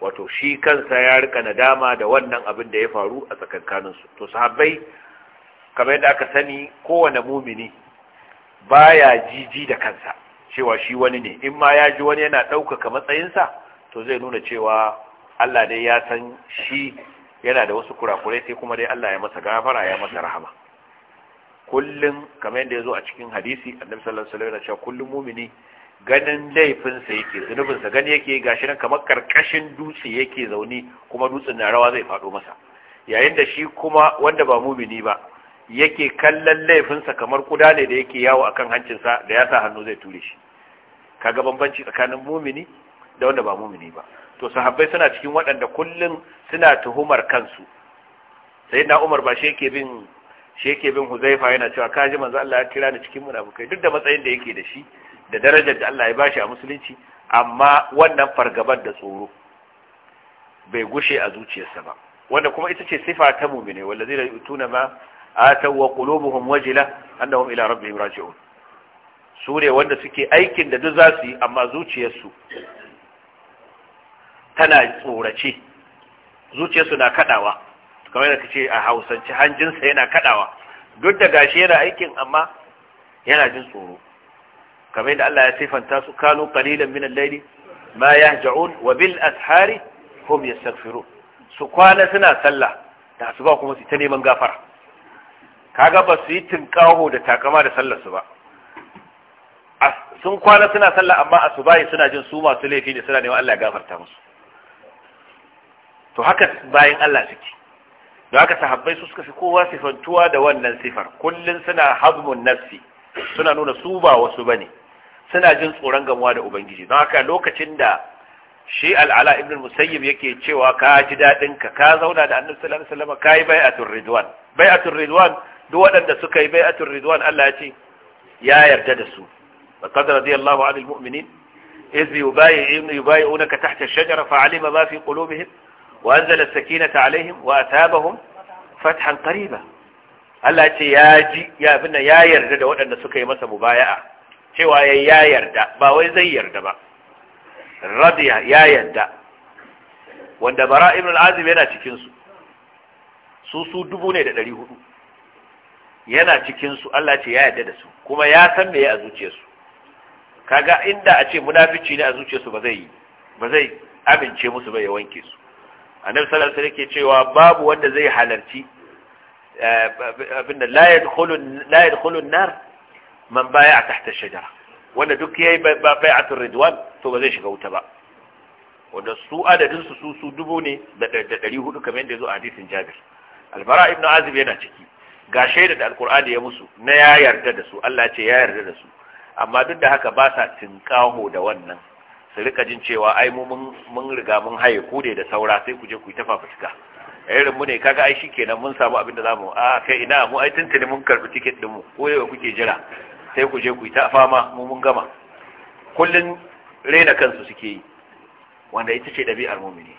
wato shi kansa ya rika nadama da wannan abin da ya faru a tsakankaninsu to sahabbai kamar yadda aka sani kowane mumini baya jiji da kansa cewa shi wani ne in ma ya ji wani yana ɗaukaka matsayinsa to zai nuna cewa Allah dai ya san shi yana da wasu kurakurai sai kuma dai Allah ya masa gafara ya masa rahama kullum kamar yadda ya zo a cikin hadisi annabi sallallahu alaihi wasallam ya ce kullum mumini ganin laifinsa yake zunubinsa gani yake gashi nan kamar karkashin dutse yake zauni, kuma dutsen na rawa zai faɗo masa yayin da shi kuma wanda ba mumini ba yake kallon laifinsa kamar kuda ne da yake yawo akan hancinsa da ya sa hannu zai ture shi kaga bambanci tsakanin mumini da wanda ba mumini ba to sahabbai suna cikin waɗanda kullum suna tuhumar kansu sai na umar ba shi yake bin shi bin huzaifa yana cewa kaji manzo Allah ya kira ni cikin munafukai duk da matsayin da yake da shi da darajar da Allah ya bashi a musulunci amma wannan fargabar da tsoro bai gushe a zuciyarsa ba wanda kuma ita ce sifa ta mumine wallazina yutuna ma ataw wa qulubuhum wajila annahum ila rabbihim raji'un su ne wanda suke aikin da duk za su yi amma zuciyarsu tana tsorace zuciyarsu na kadawa kamar yadda kace a hausance hanjinsa yana kadawa duk da gashi yana aikin amma yana jin tsoro kamar yadda Allah ya sifanta su kanu qalilan min al-layli ma yahja'un wa bil ashari hum yastaghfirun su kwana suna sallah da asuba kuma su ta neman gafara kaga ba su yi tinkaho da takama da sallar su ba sun kwana suna sallah amma asuba suna jin su masu laifi ne suna neman Allah ya gafarta musu to haka bayan Allah suke da haka sahabbai su suka fi kowa sifantuwa da wannan sifar kullun suna hazmun nafsi suna nuna su ba wasu bane suna jin tsoron gamuwa da ubangiji don haka lokacin da shi al'ala ibn musayyib yake cewa ka ji daɗin ka ka zauna da annabi sallallahu alaihi wasallam kai bai'atul ridwan bai'atul ridwan duk waɗanda suka yi bai'atul ridwan Allah ya ce ya yarda da su faqad radiyallahu anil mu'minin إذ يبايعون يبايعونك تحت الشجرة فعلم ما في قلوبهم وأنزل السكينة عليهم وأثابهم فتحا قريبا Allah ce ya ji ya binna ya yarda da waɗanda suka yi masa mubaya'a cewa ya yarda ba wai zai yarda ba radiya ya yarda wanda bara ibn al azib yana cikin su su su dubu ne da ɗari hudu yana cikin su Allah ce ya yarda da su kuma ya san me ya a zuciyarsu kaga inda a ce munafici ne a zuciyarsu ba zai ba zai amince musu ba ya wanke su annabi sallallahu alaihi wasallam yake cewa babu wanda zai halarci eh, abinda la yadkhulu la yadkhulu nar man baya a tahta shajara wanda duk yayi bai'atul ridwan to ba zai shiga wuta ba wanda su adadin su su su dubu ne da hudu kamar yadda yazo a hadisin Jabir Albara ibn Azib yana ciki ga shaida da Alkur'ani ya musu na ya yarda da su Allah ce ya yarda da su amma duk da haka ba sa tinkaho da wannan su rika jin cewa ai mu mun riga mun haye ku da saura sai ku je ku yi tafa fuska irin mu ne kaga ai shikenan mun samu abin da zamu a ah, kai ina mu ai tuntuni mun karbi tiket din mu ko yau kuke jira sai ku je ku yi ta fama mu mun gama kullun rena kansu suke yi wanda ita ce ɗabi'ar mumini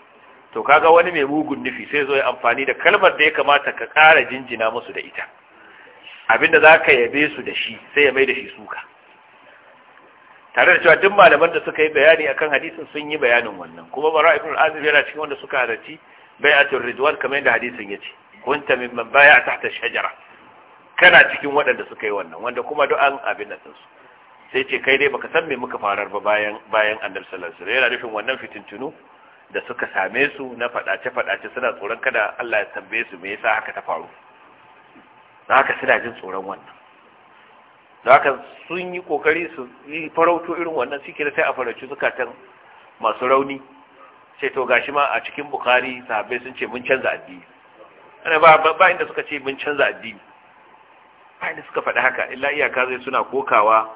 to kaga wani mai mugun nufi sai zo ya amfani da kalmar da ya kamata ka kara jinjina musu da ita abinda za ka yabe su da shi sai ya mai da shi suka tare da cewa duk malaman da suka yi bayani akan hadisin sun yi bayanin wannan kuma bara ibn azib yana cikin wanda suka halarci bai'atul ridwan kamar yadda hadisin yace kunta mimman baya tahta shajara kana cikin waɗanda suka yi wannan wanda kuma duk an abin da su sai ce kai dai baka san me muka farar ba bayan bayan annabi sallallahu alaihi wasallam yana nufin wannan fitintunu da suka same su na fadace fadace suna tsoron kada Allah ya tambaye su me yasa haka ta faru haka suna jin tsoron wannan haka sun yi kokari su yi farauto irin wannan suke da sai a farauci zukatan masu rauni sai to gashi ma a cikin bukari sahabbai sun ce mun canza addini ana ba ba inda suka ce mun canza addini da suka faɗi haka illa iyaka zai suna kokawa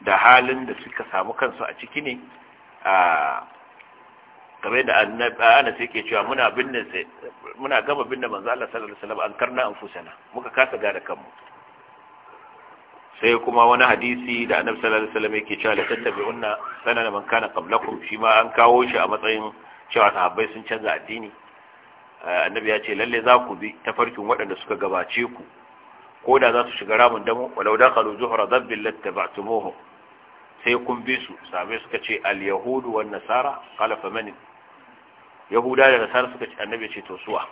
da halin da suka samu kansu a ciki ne a game da sai ke cewa muna gama binne manzo Allah sallallahu alaihi wasallam ankarna anfusana muka kasa gane kanmu sai kuma wani hadisi da annabi sallallahu alaihi wasallam yake cewa la tattabi'unna sanana man kana qablakum shi ma an kawo shi a matsayin cewa sahabbai sun canza addini annabi ya ce lalle za ku bi tafarkin waɗanda suka gabace ku ko da za su shiga ramin damo walau da kalu zuhra dabbin lattaba'tumuhu sai kun bi su sami suka ce al yahudu wan nasara qala faman yahuda da nasara suka ce annabi ce to suwa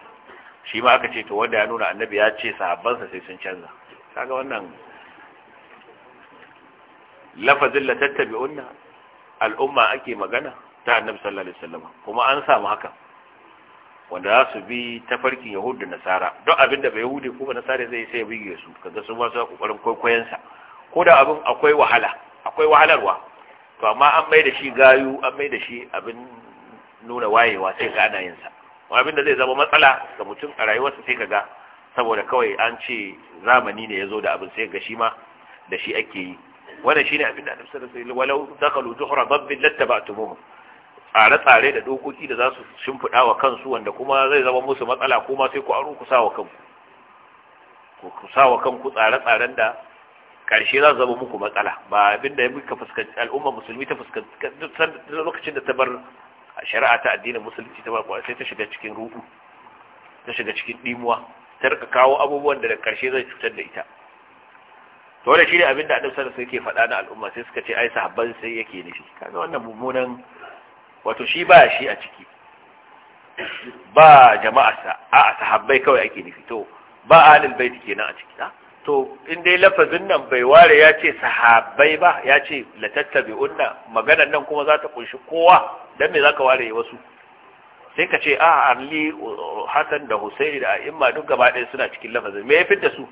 shi ma aka ce to wanda ya nuna annabi ya ce sahabbansa sai sun canza kaga wannan lafazin la tattabi'unna al'umma ake magana ta annabi sallallahu alaihi wasallam kuma an samu hakan. wanda za su bi ta farkin yahudu da nasara don abin da bai yahudu ko nasara zai sai ya bige su kaga su ba su kokarin kwaikwayon sa ko da abin akwai wahala akwai wahalarwa to amma an mai da shi gayu an mai da shi abin nuna wayewa sai ka ana yin sa abin da zai zama matsala ga mutum a rayuwarsa sai kaga ga saboda kawai an ce zamani ne ya zo da abin sai ga shi ma da shi ake yi wannan shine abin da annabi sallallahu alaihi wasallam walau dakalu zuhra dabbin lattaba'tumuhu tsare-tsare da dokoki da za su shimfiɗa wa kansu wanda kuma zai zama musu matsala kuma sai ku aro ku sa wa kanku ku sa wa kanku tsare-tsaren da karshe za su zama muku matsala ba abinda ya muka fuskanci al'umma musulmi ta fuskanci lokacin da ta bar shari'a ta addinin musulunci ta bar sai ta shiga cikin rudu ta shiga cikin dimuwa ta rika kawo abubuwan da da karshe zai cutar da ita to da shi ne abinda annabi sallallahu alaihi wasallam yake faɗa na al'umma sai suka ce ai sahabban sai yake nufi kaga wannan mummunan wato shi ba shi a ciki ba jama'arsa a sahabbai kawai ake nufi to ba bai baiti kenan a ciki to in dai lafazin nan bai ware ya ce sahabbai ba ya ce unna, maganar nan kuma za ta kunshi kowa dan me zaka ware wasu sai ka ce a Ali Hassan da Husaini da Imma duk gaba ɗaya suna cikin lafazin me ya fitar da su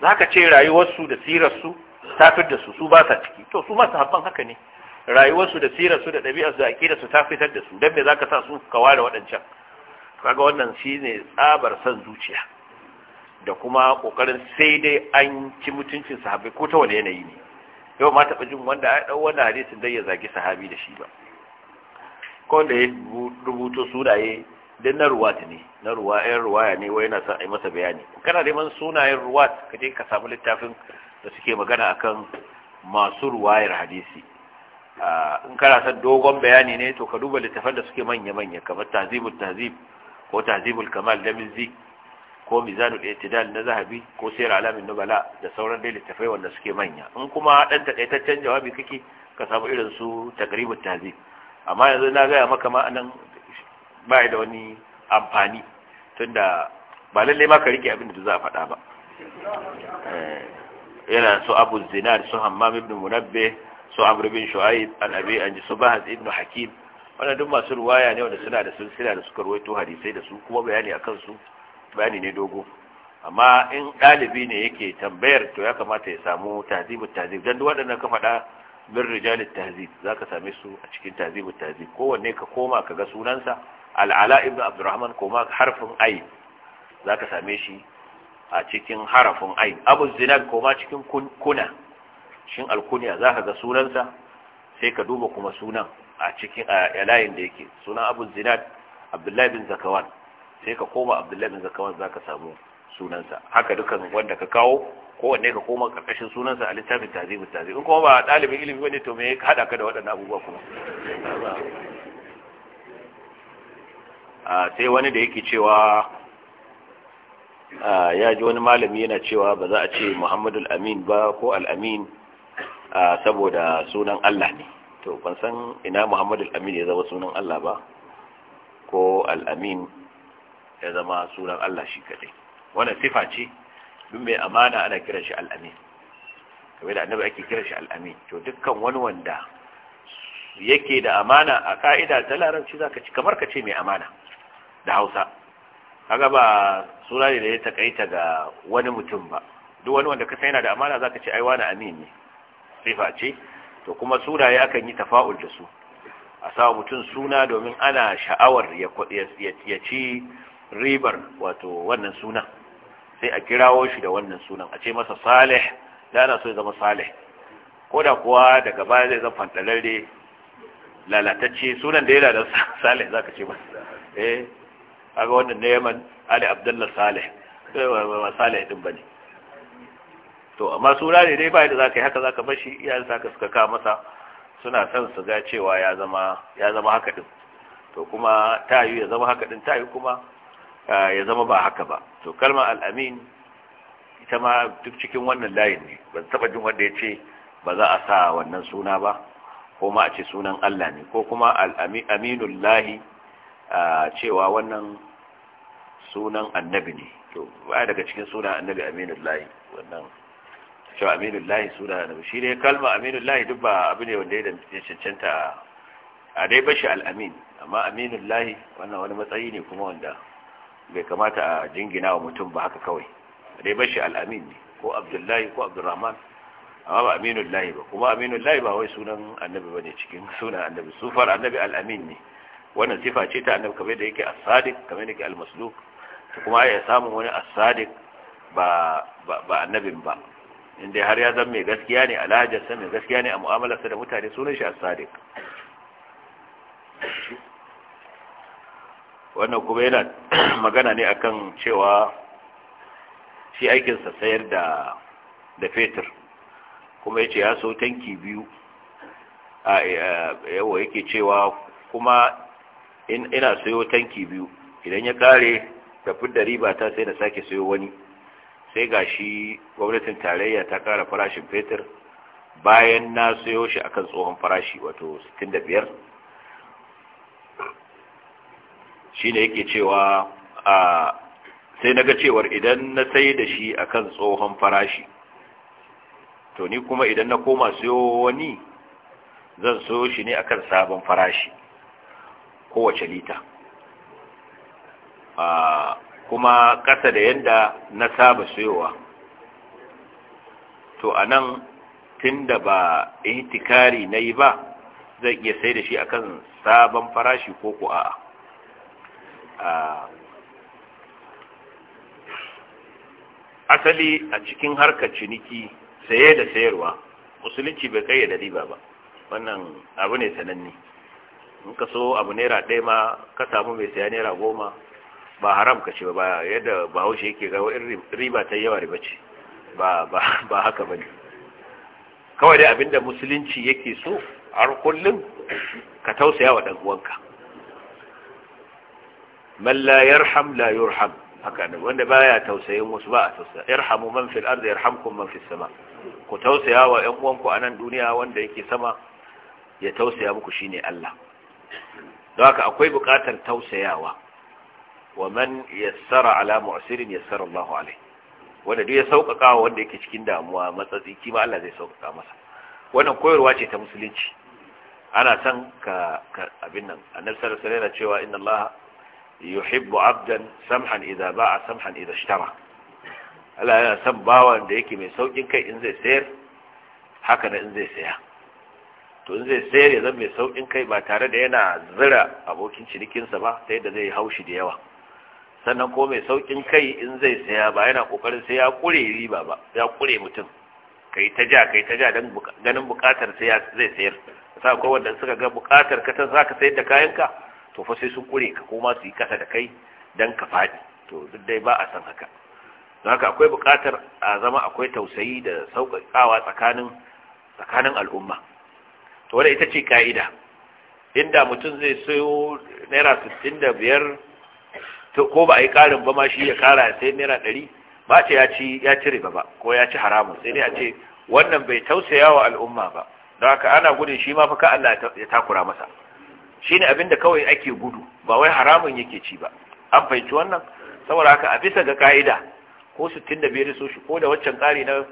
zaka ce rayuwarsu da sirarsu ta fitar da su su ba sa ciki to su ma sahabban haka ne rayuwarsu da sirarsu da ɗabi'arsu da aƙidarsu ta fitar da su don me za ka sa su ka ware waɗancan kaga wannan shi ne tsabar son zuciya da kuma ƙoƙarin sai dai an ci mutuncin sahabai ko ta wani yanayi ne yau ma taɓa jin wanda ya ɗau wani hadisin dai ya zagi sahabi da shi ba ko da ya rubuto sunaye dan na ruwat ne na ruwaya ne wai yana son a yi masa bayani kana neman sunayen ruwat ka ka samu littafin da suke magana akan masu ruwayar hadisi in kana dogon bayani ne to ka duba littafan da suke manya-manya kamar tazibul tazib ko tazibul kamal da Mizi, ko mizanul itidal na zahabi ko sayar alamin nubala da sauran dai littafai wanda suke manya in kuma dan takaitaccen jawabi kake ka samu irin su takribul tazib amma yanzu na gaya maka ma anan ba da wani amfani tunda ba lalle ma ka rike abin da za a faɗa ba eh, yana su abu zinar su hammam ibn munabbe su amr bin shu'aib an abi an ji subahas ibnu hakim wannan duk masu ruwaya ne wanda suna da silsila da suka ruwaito hadisai da su kuma bayani akan su bayani ne dogo amma in dalibi ne yake tambayar to ya kamata ya samu tahzibut tahzib dan duk waɗannan ka fada min rijalit tahzib zaka same su a cikin tahzibut tahzib kowanne ka koma ka ga sunansa al'ala ibn abdurrahman koma harfin ayin zaka same shi a cikin harafin ayin abu zinad koma cikin kuna shin alkuniya za ka ga sunansa sai ka duba kuma sunan a cikin a layin da yake sunan abu zinad abdullahi bin zakawan sai ka koma abdullahi bin zakawan za ka samu sunansa haka dukan wanda ka kawo kowanne ka koma karkashin sunansa a littafin tazibin In kuma ba ɗalibin ilimi wani to me haɗa ka da waɗannan abubuwa kuma sai wani da yake cewa ya ji wani malami yana cewa ba za a ce muhammadu al'amin ba ko al'amin saboda sunan Allah ne to ban san ina Muhammadu al-Amin ya zama sunan Allah ba ko al-Amin ya zama sunan Allah shi kadai wannan sifa ce duk mai amana ana kiran shi al-Amin kamar da annabi ake kiran shi al-Amin to dukkan wani wanda yake da amana a ka'ida ta larabci zaka ci kamar ka ce mai amana da Hausa kaga ba sura ne da ya takaita ga wani mutum ba duk wani wanda ka san yana da amana zaka ce ai wani amin ne sifa ce to kuma sunaye akan yi tafa'ul da su a sa mutum suna domin ana sha'awar ya ci ribar wato wannan sunan sai a kirawo shi da wannan sunan a ce masa salih da ana so ya zama salih ko da kuwa daga baya zai zama fantalarre lalatacce sunan da yana da *laughs* salih za ka ce masa eh aga wannan neman yaman ali abdullahi salih eh, ba salih din ba to amma suna ne dai bai da zaka yi haka zaka bar shi iyayen saka suka ka masa suna son su ga cewa ya zama ya zama haka din to kuma tayu ya zama haka din tayu kuma ya zama ba haka ba to kalma al-amin ita ma duk cikin wannan layin ne ban taba jin wanda ya ce ba za a sa wannan suna ba ko ma a ce sunan Allah ne ko kuma al-aminul lahi cewa wannan sunan annabi ne to ba daga cikin sunan annabi aminul lahi wannan cewa aminu lahi suna da shi ne kalma aminu lahi duk ba abu ne wanda ya da cancanta a dai bashi al'amin amma aminu lahi wannan wani matsayi ne kuma wanda bai kamata a jingina wa mutum ba haka kawai a dai bashi al'amin ne ko abdullahi ko abdurrahman amma ba aminu lahi ba kuma aminu lahi ba wai sunan annabi ba ne cikin sunan annabi sufar annabi al'amin ne wannan sifa ce ta annabi kamar da yake asadik kamar da yake almasluk kuma ya samu wani asadik ba ba annabin ba inda har ya zama mai gaskiya ne sa mai gaskiya ne a mu'amalarsa da mutane sunan shi as-sadiq wannan kuma yana *clears throat* magana ne akan cewa shi aikinsa sayar da da fetur kuma yace ya so tanki biyu a yawa yake cewa kuma ina sayo tanki biyu idan ya kare tafi da ribata riba ta sai da sake sayo wani sai ga shi gwamnatin tarayya ta kara farashin fetur bayan na sayo shi akan tsohon farashi wato 65 shi ne yake cewa a sai na ga cewar idan na sai da shi akan tsohon farashi to ni kuma idan na koma siyo wani zan sayo shi ne akan sabon farashi kowace lita kuma ƙasa da yadda na saba soyowa to a nan tun da ba ihtikari na yi ba zai iya sai da shi akan sabon farashi ko kuwa? a asali a cikin harkar ciniki saye da sayarwa musulunci bai kai da riba ba wannan abu ne sananne in ka so abu naira ɗaya ma ka samu mai saya naira goma ba haram ka ce ba yadda bahaushe yake ga wani riba ta yawa riba ce ba haka ba ne kawai dai abinda musulunci yake so har kullum ka tausaya wa ɗan uwanka man la yarham la yurham haka ne wanda baya tausayin wasu ba a tausaya irhamu man fil ardi yarhamkum man fis sama ku tausaya wa ɗan uwanku a nan duniya wanda yake sama ya tausaya muku shine Allah don haka akwai buƙatar tausayawa wa man yassara ala mu'sirin yassara Allahu wanda duk ya sauƙaƙa wa wanda yake cikin damuwa matsatsi ma Allah zai sauƙaƙa masa wannan koyarwa ce ta musulunci ana son ka abin nan annabi sallallahu alaihi wasallam cewa inna Allah yuhibbu 'abdan samhan idza ba'a samhan idza ishtara Allah yana san bawan da yake mai saukin kai in zai sayar haka da in zai saya to in zai sayar ya zama mai saukin kai ba tare da yana zira abokin cinikinsa ba sai da zai haushi da yawa sannan ko mai saukin kai in zai saya ba yana kokarin sai ya kure riba ba ya kure mutum kai ta ja kai ta ja dan ganin bukatar sai zai sayar sai akwai wanda suka ga bukatar ka ta zaka sayar da kayanka to fa sai su kure ka ko ma su yi kasa da kai dan ka fadi to duk dai ba a san haka don haka akwai bukatar a zama akwai tausayi da sauƙaƙawa tsakanin tsakanin al'umma to wadda ita ce ka'ida inda mutum zai sayo naira sittin da biyar? to ko ba a yi ƙarin ba ma shi ya ƙara sai naira ɗari ba ce ya ci riba ba ko ya ci haramun sai dai a ce wannan bai tausaya wa al'umma ba don haka ana gudun shi ma fa ka Allah ya takura masa Shi ne abin da kawai ake gudu ba wai haramun yake ci ba an fahimci wannan saboda haka a bisa ga ka'ida ko 65 so shi ko da waccan ƙari na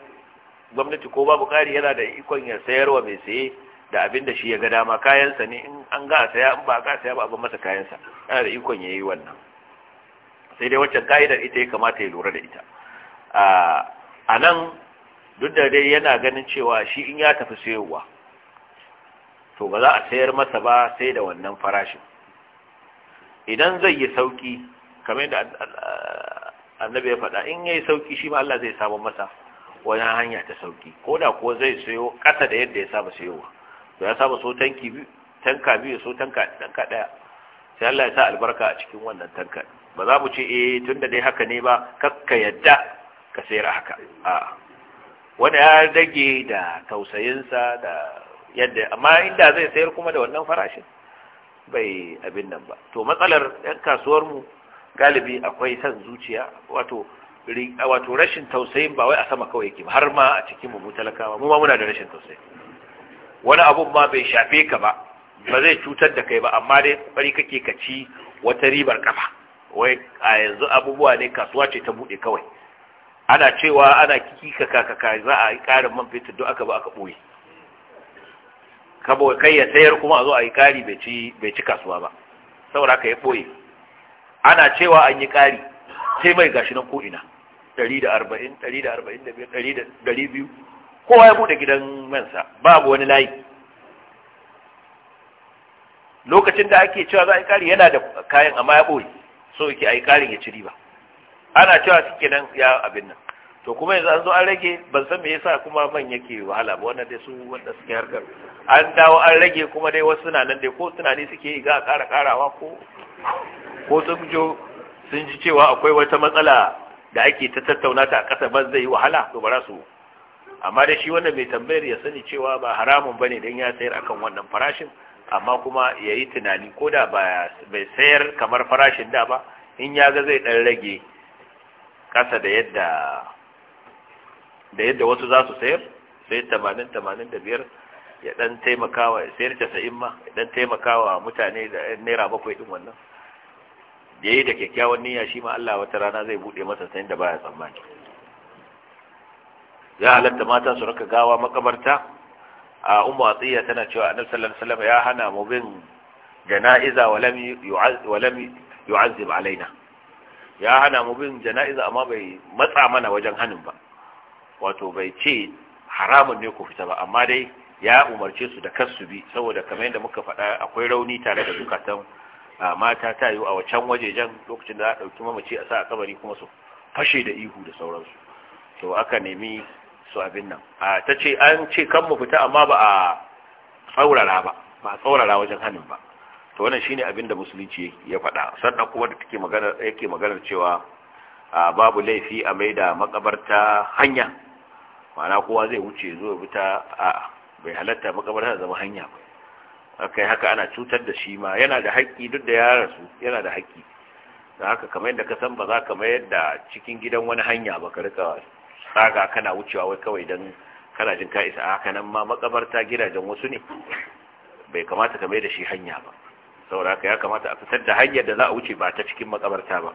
gwamnati ko babu ƙari yana da ikon ya sayarwa mai saye da abin da shi ya ga dama kayansa ne in an ga a saya in ba a ka saya ba a masa kayansa yana da ikon ya yi wannan sai dai wacce ka'idar ita ya kamata ya lura da ita a nan duk da dai yana ganin cewa shi in ya tafi sayowa to ba za a sayar masa ba sai da wannan farashin idan zai yi sauki kamar da annabi ya faɗa in ya yi sauki shi ma Allah zai samu masa wani hanya ta sauki ko da ko zai sayo ƙasa da yadda ya saba sayowa to ya saba so biyu tanka biyu so tanka ɗaya sai Allah ya sa albarka a cikin wannan tanka ba za mu ce e eh, tunda dai haka ne ba kakka yadda ka sayar haka a wanda ya dage da tausayinsa da yadda amma inda zai sayar kuma da wannan farashin bai abin nan ba to matsalar yan kasuwarmu galibi akwai san zuciya wato wato rashin tausayin ba wai a sama kawai yake har ma a cikin mu talakawa mu ma muna da rashin tausayi wani abu ma bai shafe ka ba ba zai cutar da kai ba amma dai kokari kake ka ci wata ribar kafa wai a yanzu abubuwa ne kasuwa ce ta buɗe kawai ana cewa ana kika kakaka za a yi ƙarin man fetur don aka ba aka ɓoye kabo kai ya sayar kuma a zo a yi ƙari bai ci kasuwa ba saboda ka ya ɓoye ana cewa an yi ƙari sai mai gashi nan ko'ina ɗari ɗari da da da arba'in, arba'in 140 ɗari biyu, kowa ya buɗe gidan mansa babu wani layi lokacin da ake cewa za a yi ƙari yana da kayan amma ya ɓoye so yake ai karin ya ci riba ana cewa suke nan ya abin nan to kuma yanzu an zo an rage ban san me yasa kuma man yake wahala ba wannan dai su wanda suke harkar an dawo an rage kuma dai wasu suna nan dai ko tunani suke ga ƙara ƙarawa ko ko sun jo sun ji cewa akwai wata matsala da ake ta tattauna ta a ƙasa ba zai yi wahala to ba su amma dai shi wanda mai tambayar ya sani cewa ba haramun bane dan ya sayar akan wannan farashin amma kuma ya yi tunani ko da bai sayar kamar farashin da ba in ya ga zai ɗan rage ƙasa da yadda da yadda wasu za su sayar sai 80-85 ya ɗan taimakawa ya sayar 90 ma ya ɗan taimakawa mutane da naira bakwai ɗin wannan da ya yi da kyakkyawan niyya shi ma Allah wata rana zai buɗe masa sayin da baya tsammani ya halatta matan su raka gawa makabarta a ummu tana cewa annabi sallallahu alaihi wasallam ya hana mu bin jana'iza wa lam wa yu'azzib alaina ya hana mu bin jana'iza amma bai matsa mana wajen hanin ba wato bai ce haramun ne ku fita ba amma dai ya umarce su da su bi saboda kamar yadda muka faɗa akwai rauni tare da zukatan mata ta yi a wacan jan lokacin da za a ɗauki mamaci a sa a kabari kuma su fashe da ihu da sauransu to aka nemi su abin nan ta ce an ce kan mu fita amma ba a tsaurara ba ba a tsaurara wajen hannun ba to wannan shine abin da musulunci ya faɗa sannan kuma da take magana yake maganar cewa babu laifi a mai da makabarta hanya ma'ana kowa zai wuce zo ya fita a bai halatta makabarta zama hanya ba akai haka ana cutar da shi ma yana da haƙƙi duk da yaran su yana da haƙƙi da haka kamar yadda ka san ba za ka mayar da cikin gidan wani hanya ba ka rika tsaga kana wucewa wai kawai don kana jin ka isa haka nan ma makabarta gidajen wasu ne bai kamata ka mai da shi hanya ba saboda haka ya kamata a fitar da hanyar da za a wuce ba ta cikin makabarta ba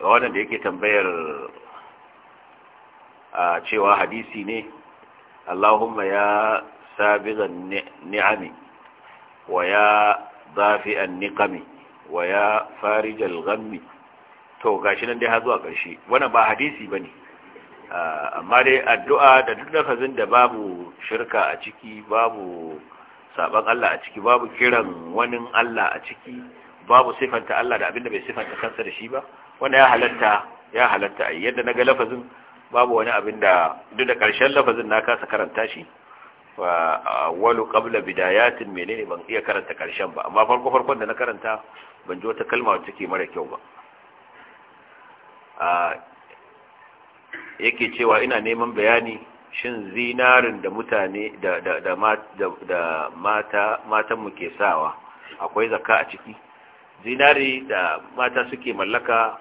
wannan da yake tambayar a cewa hadisi ne Allahumma ya sabizan ni'ami wa ya dafi'an niqami wa ya farijal ghammi to gashi nan dai har zuwa ƙarshe wannan ba hadisi bane amma dai addu'a da duk lafazin da babu shirka a ciki babu saban Allah a ciki babu kiran wani Allah a ciki babu sifanta Allah da abinda bai sifanta kansa da shi ba wanda ya halatta ya halatta a yadda na ga lafazin babu wani abin duk da ƙarshen lafazin na kasa karanta shi wa awwalu qabla bidayatin menene ban iya karanta ƙarshen ba amma farko farkon da na karanta ban ji wata kalma wacce take mara kyau ba yake cewa ina neman bayani shin zinarin da mutane da matanmu ke sawa akwai zaka a ciki zinari da mata suke mallaka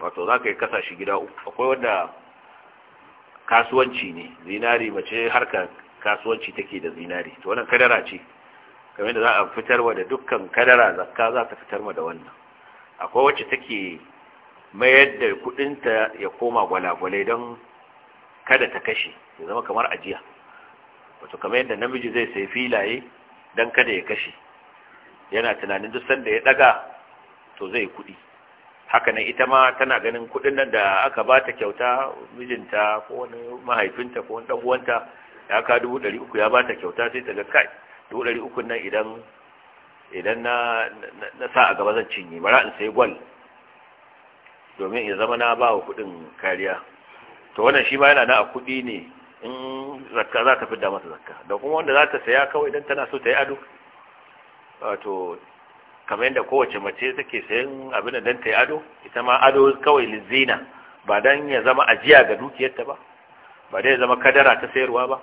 wato za ka yi kasa shi gida akwai wanda kasuwanci ne zinari mace harka kasuwanci take da zinari to wannan kadara ce kamar da za a fitarwa da dukkan kadara zakka za ta fitarwa da wannan akwai wacce take mayar da kudinta ya koma gwalagwalai don kada ta kashe ya zama kamar ajiya wato kamar yadda namiji zai sai filaye don kada ya kashe yana tunanin duk sanda ya ɗaga to zai kudi haka nan ita ma tana ganin kuɗin nan da aka ba ta kyauta mijinta ko wani mahaifinta ko wani ɗan'uwanta ya ka dubu ɗari uku ya ba ta kyauta sai ta ga kai dubu ɗari uku nan idan idan na sa a gaba zan cinye bara in sai gwal domin ya zama na ba wa kudin kariya to wannan shi ma yana na a kudi ne in zakka za fi fidda masa zakka da kuma wanda za ta saya kawai idan tana so ta yi ado wato kamar yadda kowace mace take sayan abin da dan ta yi ado ita ma ado kawai lizina ba dan ya zama ajiya ga dukiyarta ba ba dai ya zama kadara ta sayarwa ba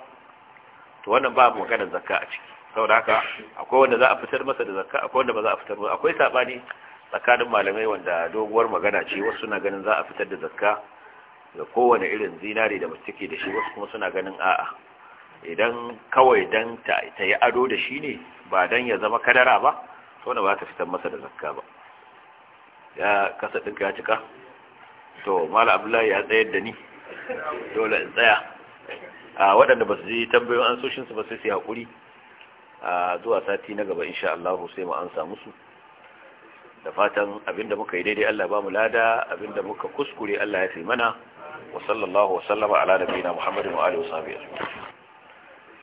to wannan ba maganar zakka a ciki saboda haka akwai wanda za a fitar masa da zakka akwai wanda ba za a fitar masa akwai sabani tsakanin malamai wanda doguwar magana ce wasu suna ganin za a fitar da zakka ga kowane irin zinare da mace take da shi wasu kuma suna ganin a'a idan kawai dan ta yi ado da shi ne ba dan ya zama kadara ba to ba ta fitar masa da zakka ba ya kasa ɗinka ya cika to mala abdullahi ya tsayar da ni dole in tsaya a waɗanda ba su ji tambayoyin su ba sai su hakuri a zuwa sati na gaba insha Allah sai mu an samu da fatan abinda muka yi daidai Allah ba mu lada abinda muka kuskure Allah ya taimana wa sallallahu wa sallama ala nabiyina Muhammadin wa alihi wa sahbihi